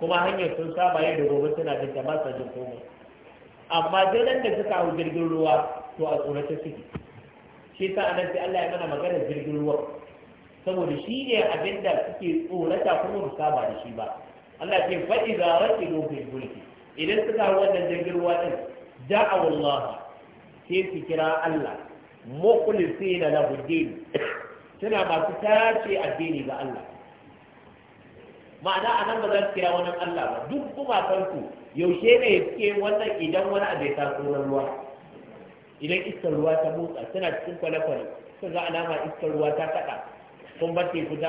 kuma hanyar sun saba yadda gobe suna jin ta ba sa jin komai amma duk da suka hau jirgin ruwa to a ta suke shi sa anan sai Allah ya mana magana jirgin ruwa saboda shi ne abin da suke tsorata kuma ba saba da shi ba Allah ce faɗi idza raqidu lokacin fulki idan suka hau wannan jirgin ruwa din da'a wallahi sai su kira Allah mukhlisina na din suna masu tace addini ga Allah ma'ana a nan ba za su kira wani Allah ba duk kuma farko yaushe ne suke wannan idan wani abu ya taso na ruwa idan iskar ruwa ta motsa suna cikin kwale-kwale sun ga alama iskar ruwa ta kaɗa Kun bar ke fita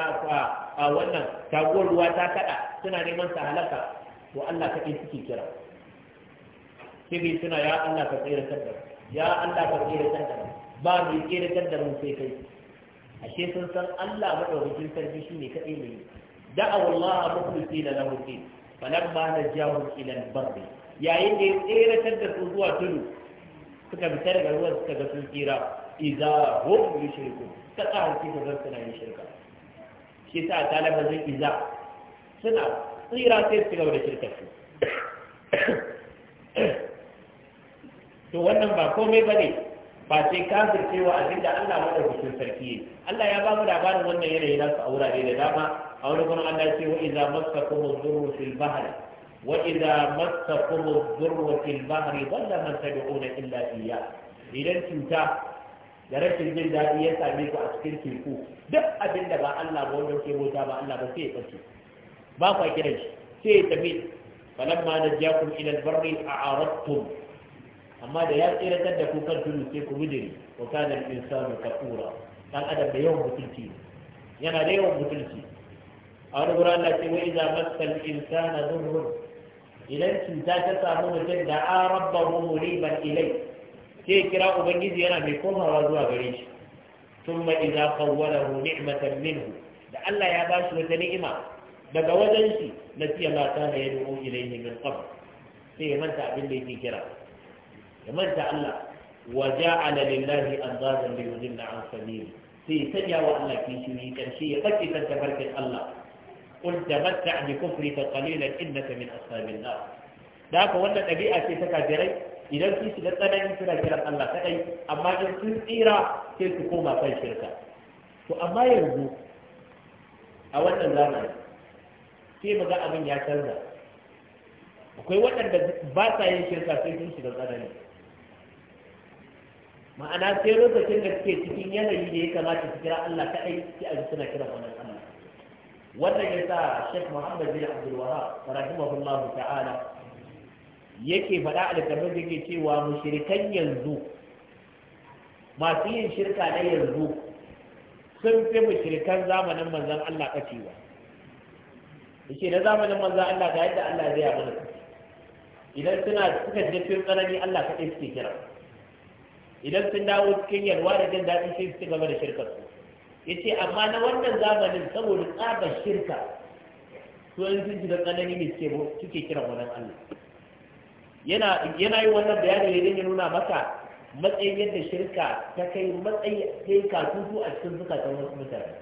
a wannan taguwar ruwa ta kaɗa suna neman su halaka to Allah ka ɗin suke kira sai suna ya Allah ka tsere sandar ya Allah ka tsere sandar ba mai tsere sandar mun sai kai ashe sun san Allah madaukakin sarki shine kaɗai mai da'aw Allah mukhlisina lahu din falamma najahum ila al-barr yayin da ya tseratar da su zuwa tudu suka fita daga ruwan suka ga sun tsira idza hum yushrikun ta tsara su ga suna yin shirka shi sa ta lafazin idza suna tsira sai su gaba da shirkar su to wannan ba komai bane ba sai ka kafir cewa abinda Allah madaukakin sarki ne Allah ya ba mu labarin wannan yanayi nasu a wurare da dama a wani kuma Allah ce wa idza massakum ad-durru fil bahri wa idza massakum ad-durru fil bahri dalla man tad'una illa iyyah idan cuta da rashin jin daɗi ya same ku a cikin teku duk abin da ba Allah ba wanda ke bauta ba Allah ba sai ya bace ba kwa kiran shi sai ya tafi falamma najjakum ila al-barri a'aradtum amma da ya tsiratar da ku kan tudu sai ku bijiri wa kana al-insanu kafura dan adam da yawan mutunci yana da yawan mutunci a wani gurin Allah ce wai za masal insana dhurrun idan cuta ta samu mutum da a rabbahu muriban ilai sai kira ubangiji yana mai komawa zuwa gare shi thumma idza qawwalahu ni'matan minhu da Allah ya bashi wata ni'ima daga wajen shi nasiya ma kana yad'u ilayhi min qabl sai ya manta abin da yake kira ya manta Allah wa ja'ala lillahi andadan li yudilla an sabili sai ya sanya wa Allah kishiyoyi karshe ya kace kan tafarkin Allah قلت تمتع بكفرك قليلا انك من اصحاب النار da haka wannan ɗabi'a ce ta kafirai idan su shiga tsananin suna kiran Allah kaɗai amma in sun tsira sai su koma kan shirka to amma yanzu a wannan zamani sai mu abin ya canza akwai waɗanda ba sa yin shirka sai sun shiga tsanani ma'ana sai lokacin da suke cikin yanayi da ya kamata su kira Allah kaɗai sai a suna kiran wannan Allah wannan ya sa Sheikh Muhammad bin Abdul Wahab rahimahullahu ta'ala yake faɗa a littafin yake cewa mushrikan yanzu masu yin shirka na yanzu sun fi mushrikan zamanin manzon Allah kacewa yace na zamanin manzon Allah ga yadda Allah zai yi mana idan suna suka je cikin tsanani Allah kaɗai suke kira idan sun dawo cikin yalwa da jin daɗin sai su gaba da shirkar su ya ce amma na wannan zamanin saboda tsaba shirka to yin sun shiga tsanani ne suke kiran wannan allah yana yi wannan bayani ne ya nuna maka matsayin yadda shirka ta kai matsayi ta yi katutu a cikin zukatan wasu mutane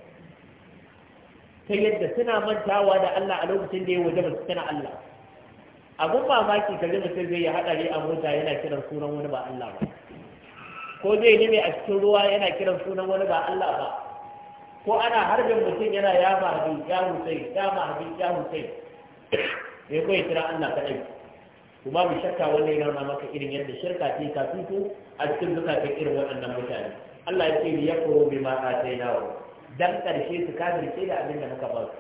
ta yadda suna mantawa da allah a lokacin da ya waje ba su tana allah abun mamaki ka ji mutum zai yi haɗari a mota yana kiran sunan wani ba allah ba ko zai nime a cikin ruwa yana kiran sunan wani ba allah ba ko ana harbin mutum yana ya mahabi ya hussein ya mahabi ya hussein ya koyi kira Allah kaɗai kuma bi shakka wannan yana maka irin yadda shirka ce ta fito a cikin zukatan irin waɗannan mutane Allah ya ce ya koro bi ma a sai nawa dan karshe su kafirce da abin da muka ba su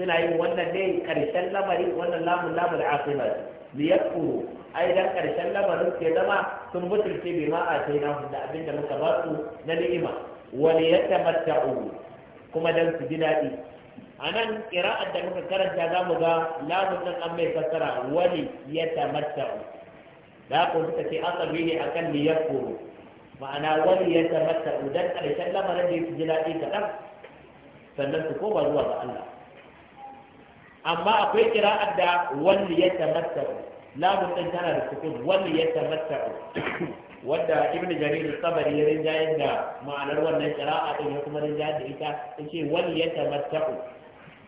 suna yin wannan ne karshen lamari wannan lamun lamun akibar liyakuru ai dan karshen lamarin ke zama sun mutunce bi ma a sai nawa da abin da muka ba su na ni'ima wani ya tamatta'u kuma dan su ji daɗi a nan ƙira'ar da muka karanta za mu ga lamun nan an mai fassara wani ya tamatta'u da ku suka ce asabi ne akan koro ma'ana wani ya tamatta'u dan ƙarshen lamarin da ya ji daɗi kaɗan sannan su koma zuwa ga Allah amma akwai ƙira'ar da wani ya tamatta'u lamun ɗin tana da sukun wani ya tamatta'u wadda ibn jarir sabari ya rinja da ma'anar wannan kira'a din ya kuma rinja da ita yace wani ya tamattaku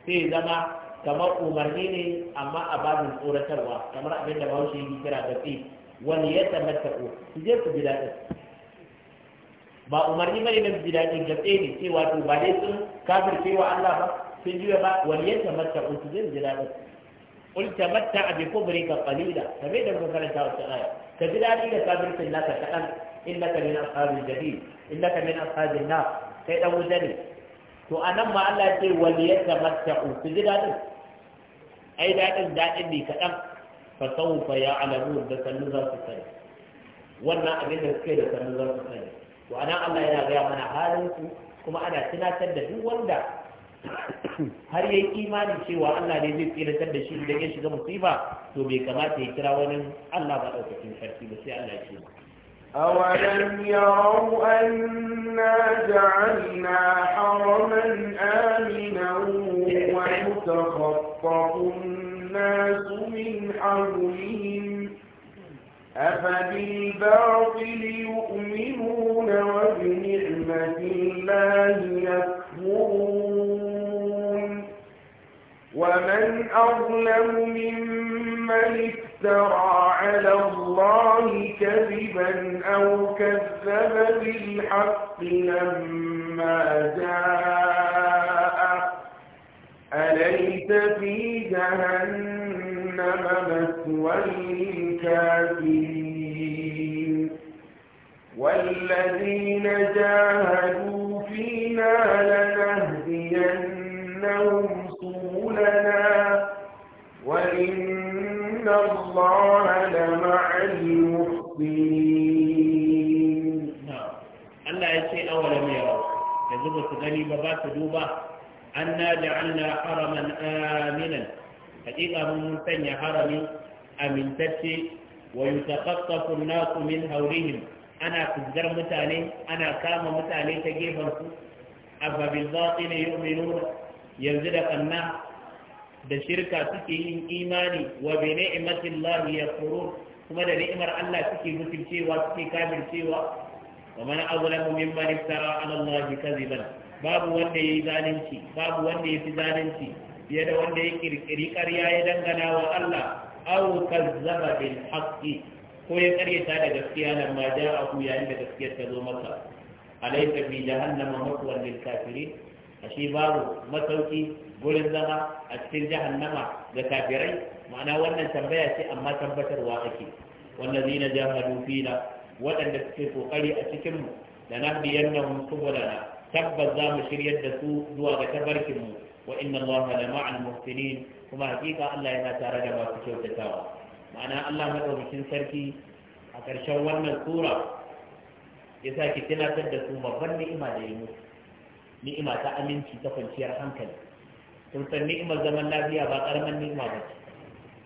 sai zama kamar umarni ne amma a babin tsoratarwa kamar abin da bahaushe yake kira da fi wani ya tamattaku su je su ji daɗin ba umarni bane na ji daɗin gatse ne sai wato ba dai sun kafirce wa Allah ba sun ji ba wani ya tamattaku su je su ji daɗin قل تمتع بكبرك قليلا فبيد المكان تاوت الآية كذلك إلى كابرت لك شأن إنك من أصحاب الجحيم إنك من أصحاب النار سيد أبو ذنب فأنما الله يقول وليتمتعوا كذلك أي دائم دائم لي كأم فسوف يعلمون بسنوزا سنة wannan abin da suke da sanin zarfi sani to anan Allah yana gaya mana halin ku kuma ana tunatar da duk wanda har yayi imani cewa Allah ne zai tsiratar da shi idan ya shiga musiba to bai kamata ya kira wani Allah ba daukakin sarki ba sai Allah ya ce أولم يروا أنا جعلنا حرما آمنا ويتخطف الناس من حولهم أفبالباطل يؤمنون وبنعمة الله ومن أظلم ممن افترى على الله كذبا أو كذب بالحق لما جاء أليس في جهنم مثوى للكافرين والذين جاهدوا فينا لنهدينهم لنا وإن الله لمع المحسنين نعم. الله يسيء أولم يروا يجب تغني بابا دوبة أنا جعلنا حرما آمنا حقيقة من سنة حرمي أمن تتي ويتخطف الناس من هولهم أنا كذر متاني أنا كام متاني تجيبهم بالباطل يؤمنون ينزل الناس da shirka suke yin imani wa bi ni'matin Allah furu kuma da ni'imar Allah suke mutuncewa suke kafircewa wa man azlamu mimman iftara ala Allah kadhiban babu wanda yayi zalunci babu wanda yafi zalunci fiye da wanda ya kirkiri ƙarya ya dangana wa Allah aw kazzaba bil haqqi ko ya karyata da gaskiya nan ma ja'ahu yayin da gaskiyar ta zo masa alaysa fi jahannama maqwan lil kafirin ashe babu masauki gurin zama a cikin jahannama ga kafirai ma'ana wannan tambaya ce amma tabbatarwa ake zina jahadu fina waɗanda suke kokari a cikin mu da nahdiyannahum da tabbas za mu shiryar da su zuwa ga tabarkin mu wa inna allaha la ma'al muhsinin kuma hakika Allah yana tare da masu kyautatawa ma'ana Allah madaukakin sarki a ƙarshen wannan sura ya sake tunatar da su babban ni'ima da ya mutu. ni'ima ta aminci ta kwanciyar hankali kun san ni'imar zaman lafiya ba karaman ni'ima ba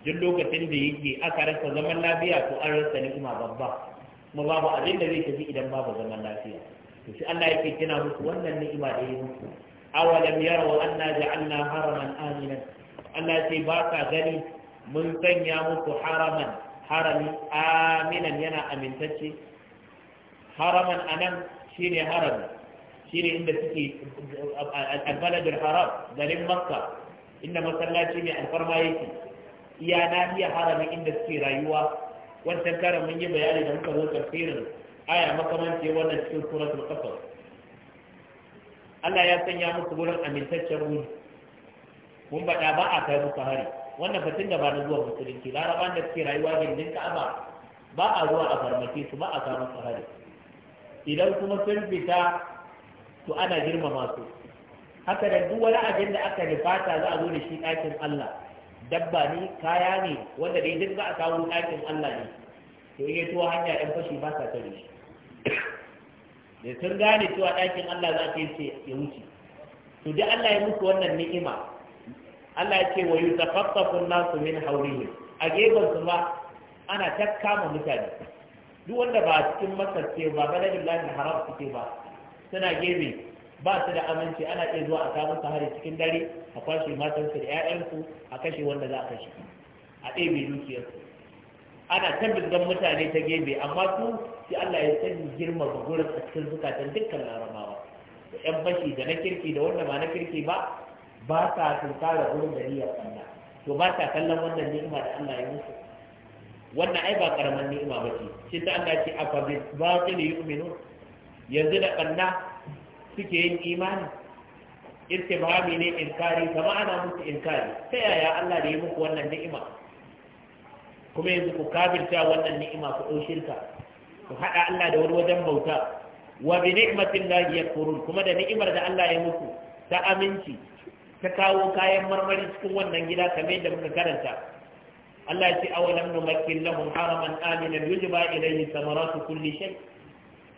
duk lokacin da yake aka rasa zaman lafiya ko an rasa ni'ima babba kuma babu abin da zai tafi idan babu zaman lafiya to shi Allah yake kina musu wannan ni'ima da yi musu awalam yaraw anna ja'alna haraman aminan Allah sai ba ka gani mun sanya musu haraman harami aminan yana amintacce haraman anan shine harami shine inda suke albaladul haram garin makka inda masallaci mai alfarma yake iya na iya haramin inda suke rayuwa wancan kare mun yi bayani da muka zo tafsirin aya makamanci wannan cikin suratul qasas Allah ya sanya musu gurin amintaccen ruhi mun bada ba a kai musu hari wannan fatin da ba na zuwa musulunci Laraba, da suke rayuwa gindin ka'aba ba a zuwa a farmake su ba a kai musu hari idan kuma sun fita to ana girmama su haka da duk wani abin da aka nufata za a zo da shi ɗakin Allah dabba ne kaya ne wanda dai duk za a kawo ɗakin Allah ne to in ya hanya ɗan fashi ba sa tare shi da sun gane cewa ɗakin Allah za ta yi ya wuce to dai Allah ya musu wannan ni'ima Allah ya ce wa yutafaffafu nasu min ne. a gefen su ma ana ta kama mutane duk wanda ba cikin masar ce ba baladillahi haram suke ba suna gefe ba su da aminci ana iya zuwa a samun hari cikin dare a kwashe matansu da ƴaƴansu a kashe wanda za a kashe a ɗebe su ana ta don mutane ta gefe amma su sai Allah ya sani girma ga gurin a cikin zukatan dukkan larabawa da ƴan bashi da na kirki da wanda ba na kirki ba ba sa tunkara gurin da niyyar Allah to ba sa kallon wannan ni'ima da Allah ya musu wannan ai ba karaman ni'ima ba ce sai ta Allah ce afa ne yi yu'minun yanzu da ɓanna suke yin imani irtibami ne inkari kama ana musu inkari ta yaya Allah da yi muku wannan ni'ima kuma yanzu ku kafirta wannan ni'ima ku ɗau shirka ku haɗa Allah da wani wajen bauta wa bi ni'matin ya yakfurun kuma da ni'imar da Allah ya muku ta aminci ta kawo kayan marmari cikin wannan gida kamar yadda muka karanta Allah ya ce awalam numakkin lahum haraman aminan yujba ilayhi samaratu kulli shay'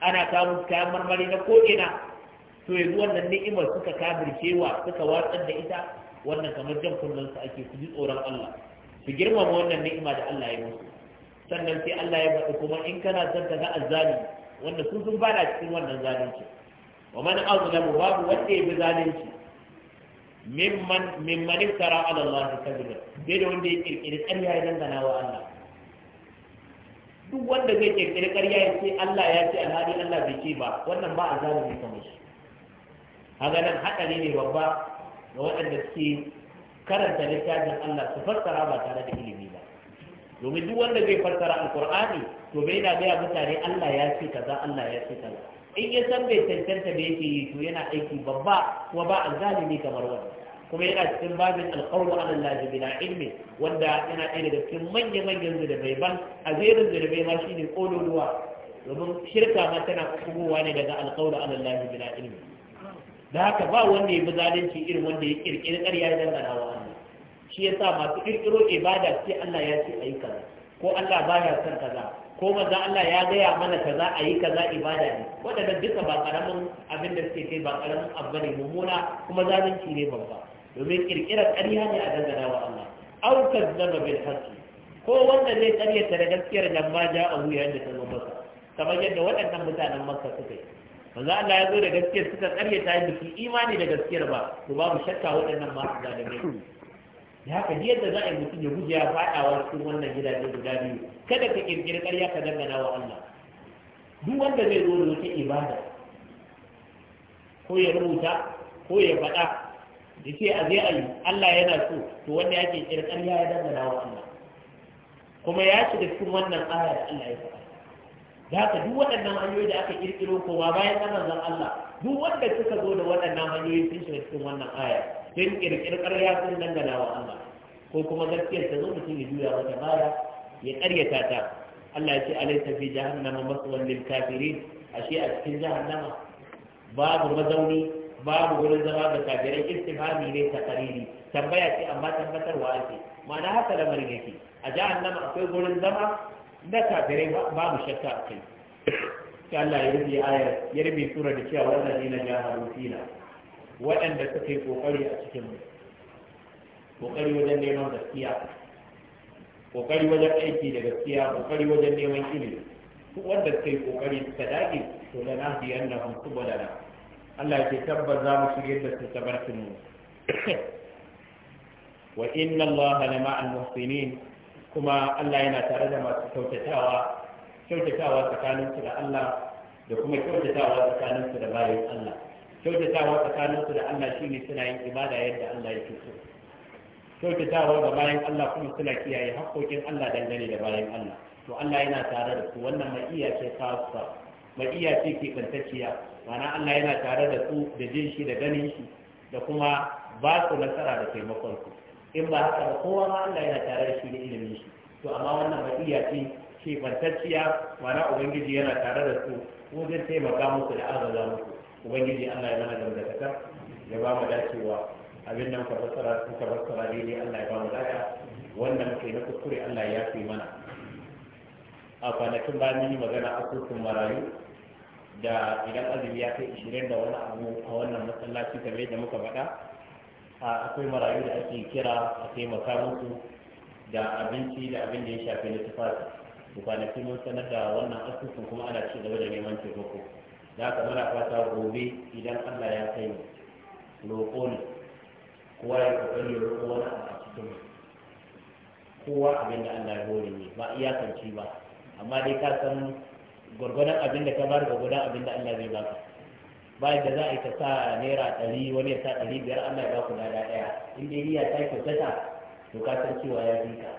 ana samun kayan marmari na ko'ina to yanzu wannan ni'imar suka kabircewa suka watsar da ita wannan kamar jan kullum su ake su ji tsoron Allah su girmama wannan ni'ima da Allah ya musu sannan sai Allah ya faɗi kuma in kana son ka ga azzali wanda su sun bada cikin wannan zalunci wa man azlamu babu wanda ya bi zalunci mimman mimman iftara ala Allah kadhiba bai da wanda ya kirkiri ƙarya ya dangana wa Allah duk wanda zai kekere karya ya ce Allah ya ce alhali Allah bai ce ba wannan ba a zalimi kamar shi haka nan haɗari ne babba ga waɗanda suke karanta littafin Allah su fassara ba tare da ilimi ba domin duk wanda zai fassara alkur'ani to bai na gaya mutane Allah ya ce kaza Allah ya ce kaza in ya san bai cancanta da yake yi to yana aiki babba kuma ba a zalimi kamar wannan kuma yana cikin babin alƙawlu ala Allah ilmi wanda yana ɗaya daga cikin manya-manyan zunubai ban a zirin zunubai ma ne ƙololuwa domin shirka ma tana kubowa ne daga alƙawlu ala Allah ilmi da haka ba wanda ya bi zalunci irin wanda ya ƙirƙiri ƙarya ya dangana wa Allah shi sa masu ƙirƙiro ibada sai Allah ya ce yi kaza ko Allah baya san kaza ko maza Allah ya gaya mana kaza a yi kaza ibada ne waɗannan duka ba ƙaramin abin da suke kai ba ƙaramin abu ne mummuna kuma zalunci ne babba domin kirkirar ƙarya ne a dangana wa Allah aw kazzaba bil haqqi ko wanda zai ta da gaskiyar nan ma ja a wuya da tsaron masa kamar yadda waɗannan mutanen makka suka yi manzo Allah ya zo da gaskiyar suka ƙaryata da su imani da gaskiyar ba to babu shakka waɗannan ma su zalimai da haka yadda za a yi mutum ya guje ya faɗa wa cikin wannan gidaje guda biyu kada ka kirkiri ƙarya ka dangana wa Allah duk wanda zai zo da wata ibada ko ya rubuta ko ya faɗa ya ce a zai ayi Allah yana so to wanda yake kira ƙarya ya dangana wa Allah kuma ya shiga cikin wannan aya da Allah ya faɗa da haka duk waɗannan hanyoyi da aka kirkiro koma bayan na manzon Allah duk wanda suka zo da waɗannan hanyoyi sun shiga cikin wannan aya sun kirkiri ƙarya sun dangana wa Allah ko kuma gaskiyar ta zo mutum ya juya mata baya ya ƙaryata ta Allah ya ce alaysa fi jahannama maswan lil kafirin ashe a cikin jahannama babu mazauni babu wurin zama ga kafirai istifhami ne ta kariri tambaya ce amma tabbatarwa ake ma'ana haka da marin yake a jahannama akwai wurin zama na kafirai babu shakka a kai sai Allah ya rubi ayar ya rubi sura da cewa wannan ne na jaharu fina waɗanda suka yi kokari a cikin mu kokari wajen neman gaskiya kokari wajen aiki da gaskiya kokari wajen neman ilimi wanda suka yi kokari suka dage to da na biyan da hantu balana Allah ke tabbas za mu shigar da su tabarkin mu wa inna Allah la ma'al muhsinin kuma Allah yana tare da masu kyautatawa kyautatawa tsakanin su da Allah da kuma kyautatawa tsakanin su da bayan Allah kyautatawa tsakanin su da Allah shine suna yin ibada yadda Allah yake so kyautatawa ga bayan Allah kuma suna kiyaye haƙƙoƙin Allah dangane da bayan Allah to Allah yana tare da su wannan mai iya ce khassa mai iya ce ke kantacciya mana Allah yana tare da su da jin shi da ganin shi da kuma ba su nasara da taimakon su in ba haka ba kowa ma Allah yana tare da shi da ilimin shi to amma wannan wasiya ce ce bantacciya mana ubangiji yana tare da su ko zai taimaka musu da azaba musu ubangiji Allah ya mana dangantakar ya ba mu dacewa abin nan ka fassara ka fassara dai Allah ya ba mu dacewa wannan kai na kuskure Allah ya fi mana a kwanakin bayan yi magana a asusun marayu da idan azumi ya kai ishirin da wani abu a wannan masallaci kamar da muka faɗa akwai marayu da ake kira a taimaka musu da abinci da abin da ya shafi na tufafi kwanaki mun sanar da wannan asusun kuma ana ci gaba da neman taimako da aka muna fata gobe idan allah ya kai mu roƙo ne kowa ya kokari ya roƙo wani a cikin kowa abin da allah ya hore ne ba iyakanci ba amma dai ka san gwargwadon abin da ka bari gwargwadon abin da Allah zai baka bayan da za a yi ta sa naira ɗari wani ya sa ɗari biyar Allah ya ba ku da ɗaya in dai niyya ta kyautata to ka san cewa ya fi ka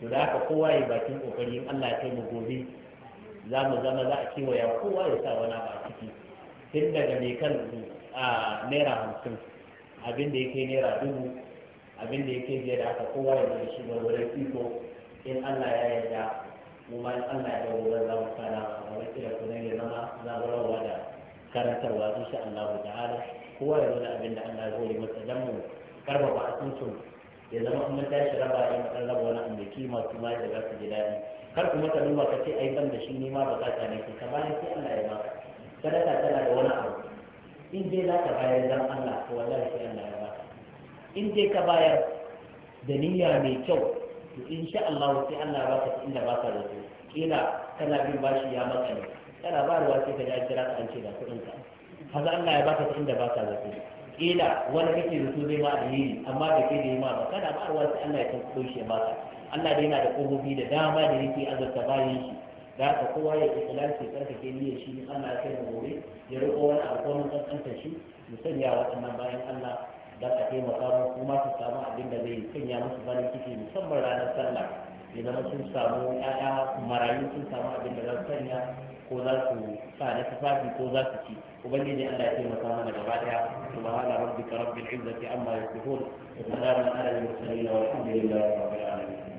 to da haka kowa ya bakin kokari in Allah ya kai mu gobe za mu zama za a kewaya kowa ya sa wani a ciki tun daga mai kan a naira hamsin abin da ya kai naira dubu abin da ya kai biyar da haka kowa ya zai shi wurin iko in Allah ya yarda mu ma Allah ya dawo zan zamu kana kamar kira ku ne zama zaburarwa da karantarwa insha Allah ta'ala kowa ya nuna abin da Allah ya hore masa dan mu karfafa asusun ya zama kuma tashi raba in an raba wani abu kima su ma da za su ji daɗi kar kuma ka duba ka ce ai ban da shi ne ma bukata ne ka bayan sai Allah ya baka sadaka tana da wani abu in dai za ka bayar dan Allah to wallahi sai Allah ya baka in dai ka bayar da niyya mai kyau to in sha Allah sai Allah ba ka inda ba ka da su kila kana bin bashi ya maka ne kana ba ruwa sai ka ji kira ka an ce da kuɗin ka Haza Allah ya baka inda ba ka da su kila wani kake da su zai ma yi amma da ke da ma ba kana ba ruwa sai Allah ya san kuɗin shi ya baka Allah dai yana da ƙofofi da dama da yake azurta bayan shi da haka kowa ya ƙi ke tsarkake niyyar shi Allah ya kai gobe ya riƙo wani alƙawarin tsantsanta shi mu sanya waɗannan bayan Allah don a taimaka mu kuma su samu abin da zai sanya musu farin ciki musamman ranar sallah ya zama sun samu ƴaƴa marayu sun samu abin da za su sanya ko za su sa na tufafi ko za su ci ubangiji Allah ya taimaka mana gaba daya subhana rabbika rabbil izzati amma yasifun wa salamun ala al mursalin walhamdulillahi rabbil alamin